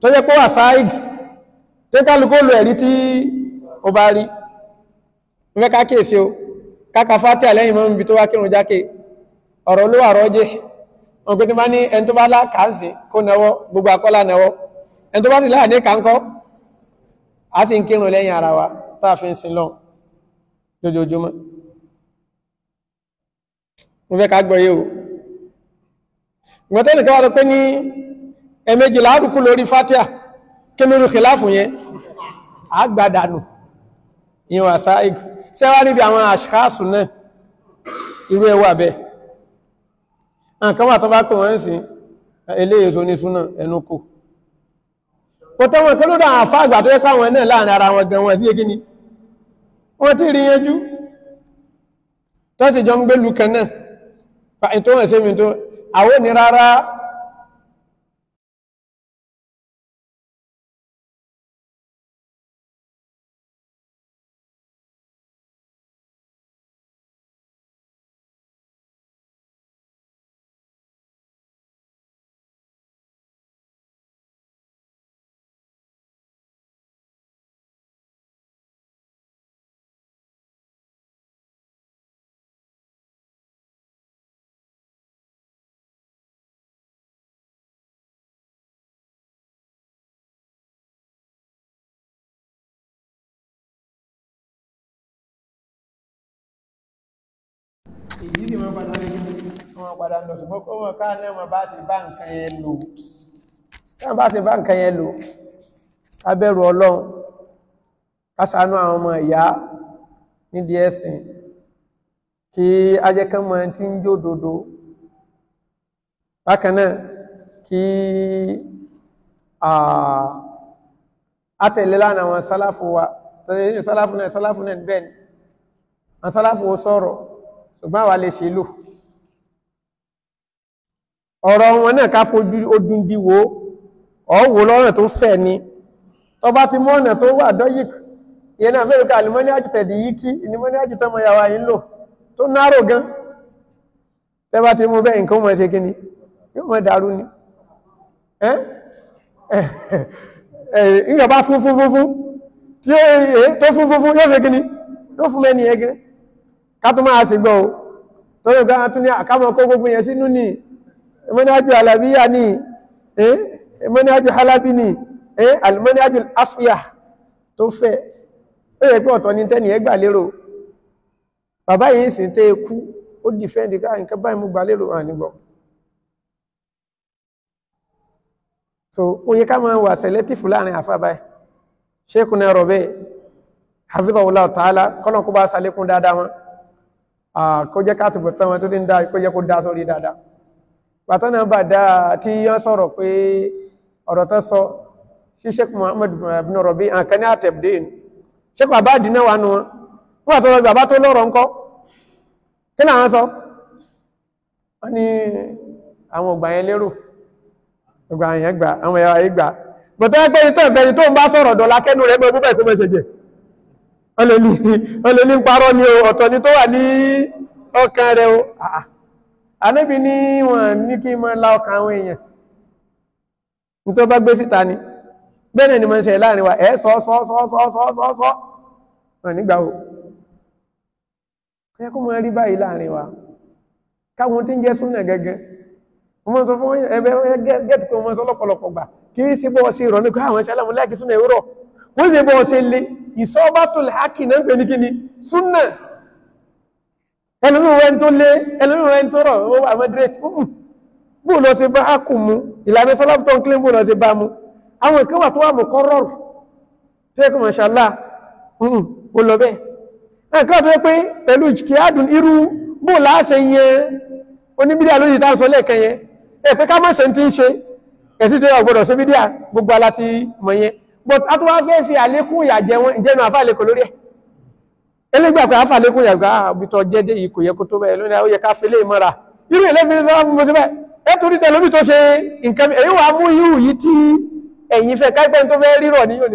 tó yẹ kó wà sáàìdì tó kálukú lu ẹ̀rí tí ó bá rí mo fẹ́ ká o káka fátí àlẹ́yìn mọ́ níbi tó wá kírun jákè ọ̀rọ̀ ló wà rọ́jẹ́ ògbẹ́ni bá ní ẹni tó bá lá kàánsì kó náwọ́ gbogbo akọ́lá náwọ́ ẹni tó bá sì láàní kàánkọ́ a sì ń kírun lẹ́yìn ara wa tá a fi ń sin lọ lójoojúmọ́ mo fẹ́ ká gbọ́ yé o ìgbọ́tẹ́ nìkan wà lọ pé ní ẹ̀mẹ́jì láàrùkú lórí fatia kí lóru kìláàfù yẹn a gbà dànù ìwọ̀n àṣà ìgbà sẹ́wà níbi àwọn àṣíkáàsù náà irú ẹwà bẹ́ẹ̀ àkán ah, wà tó bá pè wọ́n sí eléyìí tó ní súnà ẹnu kò kò tẹ́wọ̀n kí ló dá àfá àgbà tó yẹ páwọn náà láàrin ara wọn gan wọn tí yégi ni wọ́n ti rí yẹjú tó sì jọ ń gbé lukẹ náà sí mi tó àwọn rárá èyí sì mọ́ padà ní wọn padà lọ ṣùgbọ́n kó wọn ká náà wọn bá ṣe bá nǹkan yẹn lò ká bá ṣe bá nǹkan yẹn lò ká bẹ̀rù ọlọ́run ká ṣàánú àwọn ọmọ ìyá nídìí ẹ̀sìn kí ajẹ́kánmọ ti ń jó dodo bákan náà kí àtẹ̀lélànà àwọn sálàfù wa tọ́jú sálàfù náà sálàfù náà bẹ́ẹ̀ ni àwọn sálàfù sọ̀rọ̀ ṣùgbọ́n wa lè ṣe lò ọ̀rọ̀ wọn náà ká fojú odun bí wo ọ̀wọ́ lọ́rọ̀ tó fẹ̀ ni tó bá ti mú ọ̀nà tó wà dọ́yìk ìyẹn náà mẹ́rin ká àlùmọ́ní àjùtẹ̀dì yìí kí ìlúmọ́ní àjùtọ́mọ yàwá yìí lò tó náró gan tẹ́ bá ti mú bẹ́ẹ̀ nǹkan mọ̀ ṣe kíni ni ìgbà kátó máa sì gbọ́ torí ọ̀gá tún ní àkámọ́ kó gbogbo yẹn sínú ní ìmọ́níájú alábíyà ní ìmọ́níájú halabi ní alìmọ́níájú asfíà tó fẹ́ ó yẹ pé ọ̀tọ̀ ní tẹ́ni ẹgbà lérò bàbá yìí sì tẹ́ kú ó dìfẹ́ndì so ó yẹ ká máa wà sẹlẹ́tìfù láàrin àfà báyìí ṣékùnrin rọ̀ bẹ́ẹ̀ hafizahullah ta'ala kọ́nà kó bá salẹ́kùn dáadáa wọn kó jẹ́ ká tùbọ̀ tán wọn tó ti ń dá kó jẹ́ kó dá sórí dáadáa bàtọ́ náà bà dáa tí yán sọ̀rọ̀ pé ọ̀rọ̀ muhammad bin rọ̀bí àǹkan ní àtẹ̀bdéyìn sheikh bàbá àdínà wà nù wọn wọ́n àtọ́ bàbá tó lọ́rọ̀ ńkọ́ kí làwọn sọ wọ́n ní àwọn ògbà yẹn lérò ògbà yẹn gbà àwọn ẹ̀yà yẹn gbà bọ̀tọ́ pé ní tó ń bá sọ̀rọ̀ dọ̀lá kẹ́nu rẹ̀ mọ́ ọlẹ́ ní parọ́ ni ọ̀tọ̀ ni tó wà ní ọkàn rẹ̀ o ah, ah. àníbi ní wọ́n ní kí mọ́ lá ọkàn àwọn èèyàn ní tó bá gbé síta ni bẹ́ẹ̀ ni mọ́ ṣe láàrin wa sọ sọ sọ sọ sọ sọ o sọ ìsọ́bátòlì hákì náà ń pè ní kíni súnà ẹlòmí rẹ̀ tó lé ẹlòmí rẹ̀ tó rọ̀ ó wà mẹ́dírẹ́tì bó lọ sí bá hákù mú ìlànà sọ́láfítọ́ ń kílé bó lọ sí bá mú àwọn ìkan wà tó wà mọ̀kọ́ rọrù tó yẹ kí mọ̀ṣálà ó lọ bẹ́ẹ̀ nǹkan tó yẹ pé pẹ̀lú ìjìtìádùn irú bó but a tó wá fẹ́ fi àlékún ìyàjẹ wọn ìjẹnu àfà àlékún lórí ẹ̀ elégbà pé àfà àlékún ìyàgbà àbítọ̀ ah, jẹ́dẹ́ yìí kò yẹ kó tó bẹ́ẹ̀ lónìí ah, ó yẹ ká fi lè mọ́ra irú ìlẹ́fẹ́ tó wá fún mo sí bẹ́ẹ̀ ẹ torí tẹ lómi tó ṣe nǹkan èyí wàá mú yíù yìí tí ẹ̀yìn fẹ́ káìpẹ́ tó fẹ́ rírọ̀ ní yóò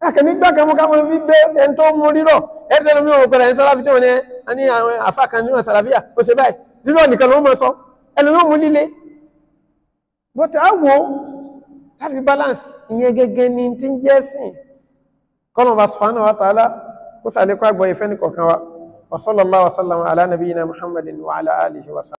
akẹ́nigbà kan mú ká mọ́ fi gbé ẹni tó mú rírọ̀ ẹ̀ẹ́dẹ́gbẹ̀rún mi o pẹ̀lẹ́ sáláfí tó ní a ní àwọn àfà kan nínú sàlàfíà ó ṣe báyìí rírọ̀ nìkan ló mọ̀ sọ ẹni ló mú líle but a wo láti balance ìyẹn gẹ́gẹ́ ni ti ń jẹ́ sìn kọ́nà bá subhanahu wa ta'ala kó sàlékọ́ àgbọ̀ ìfẹ́ nìkọ̀ọ̀kan wa wa sallallahu wa sallam ala nabiyyina muhammadin wa ala alihi wa sallam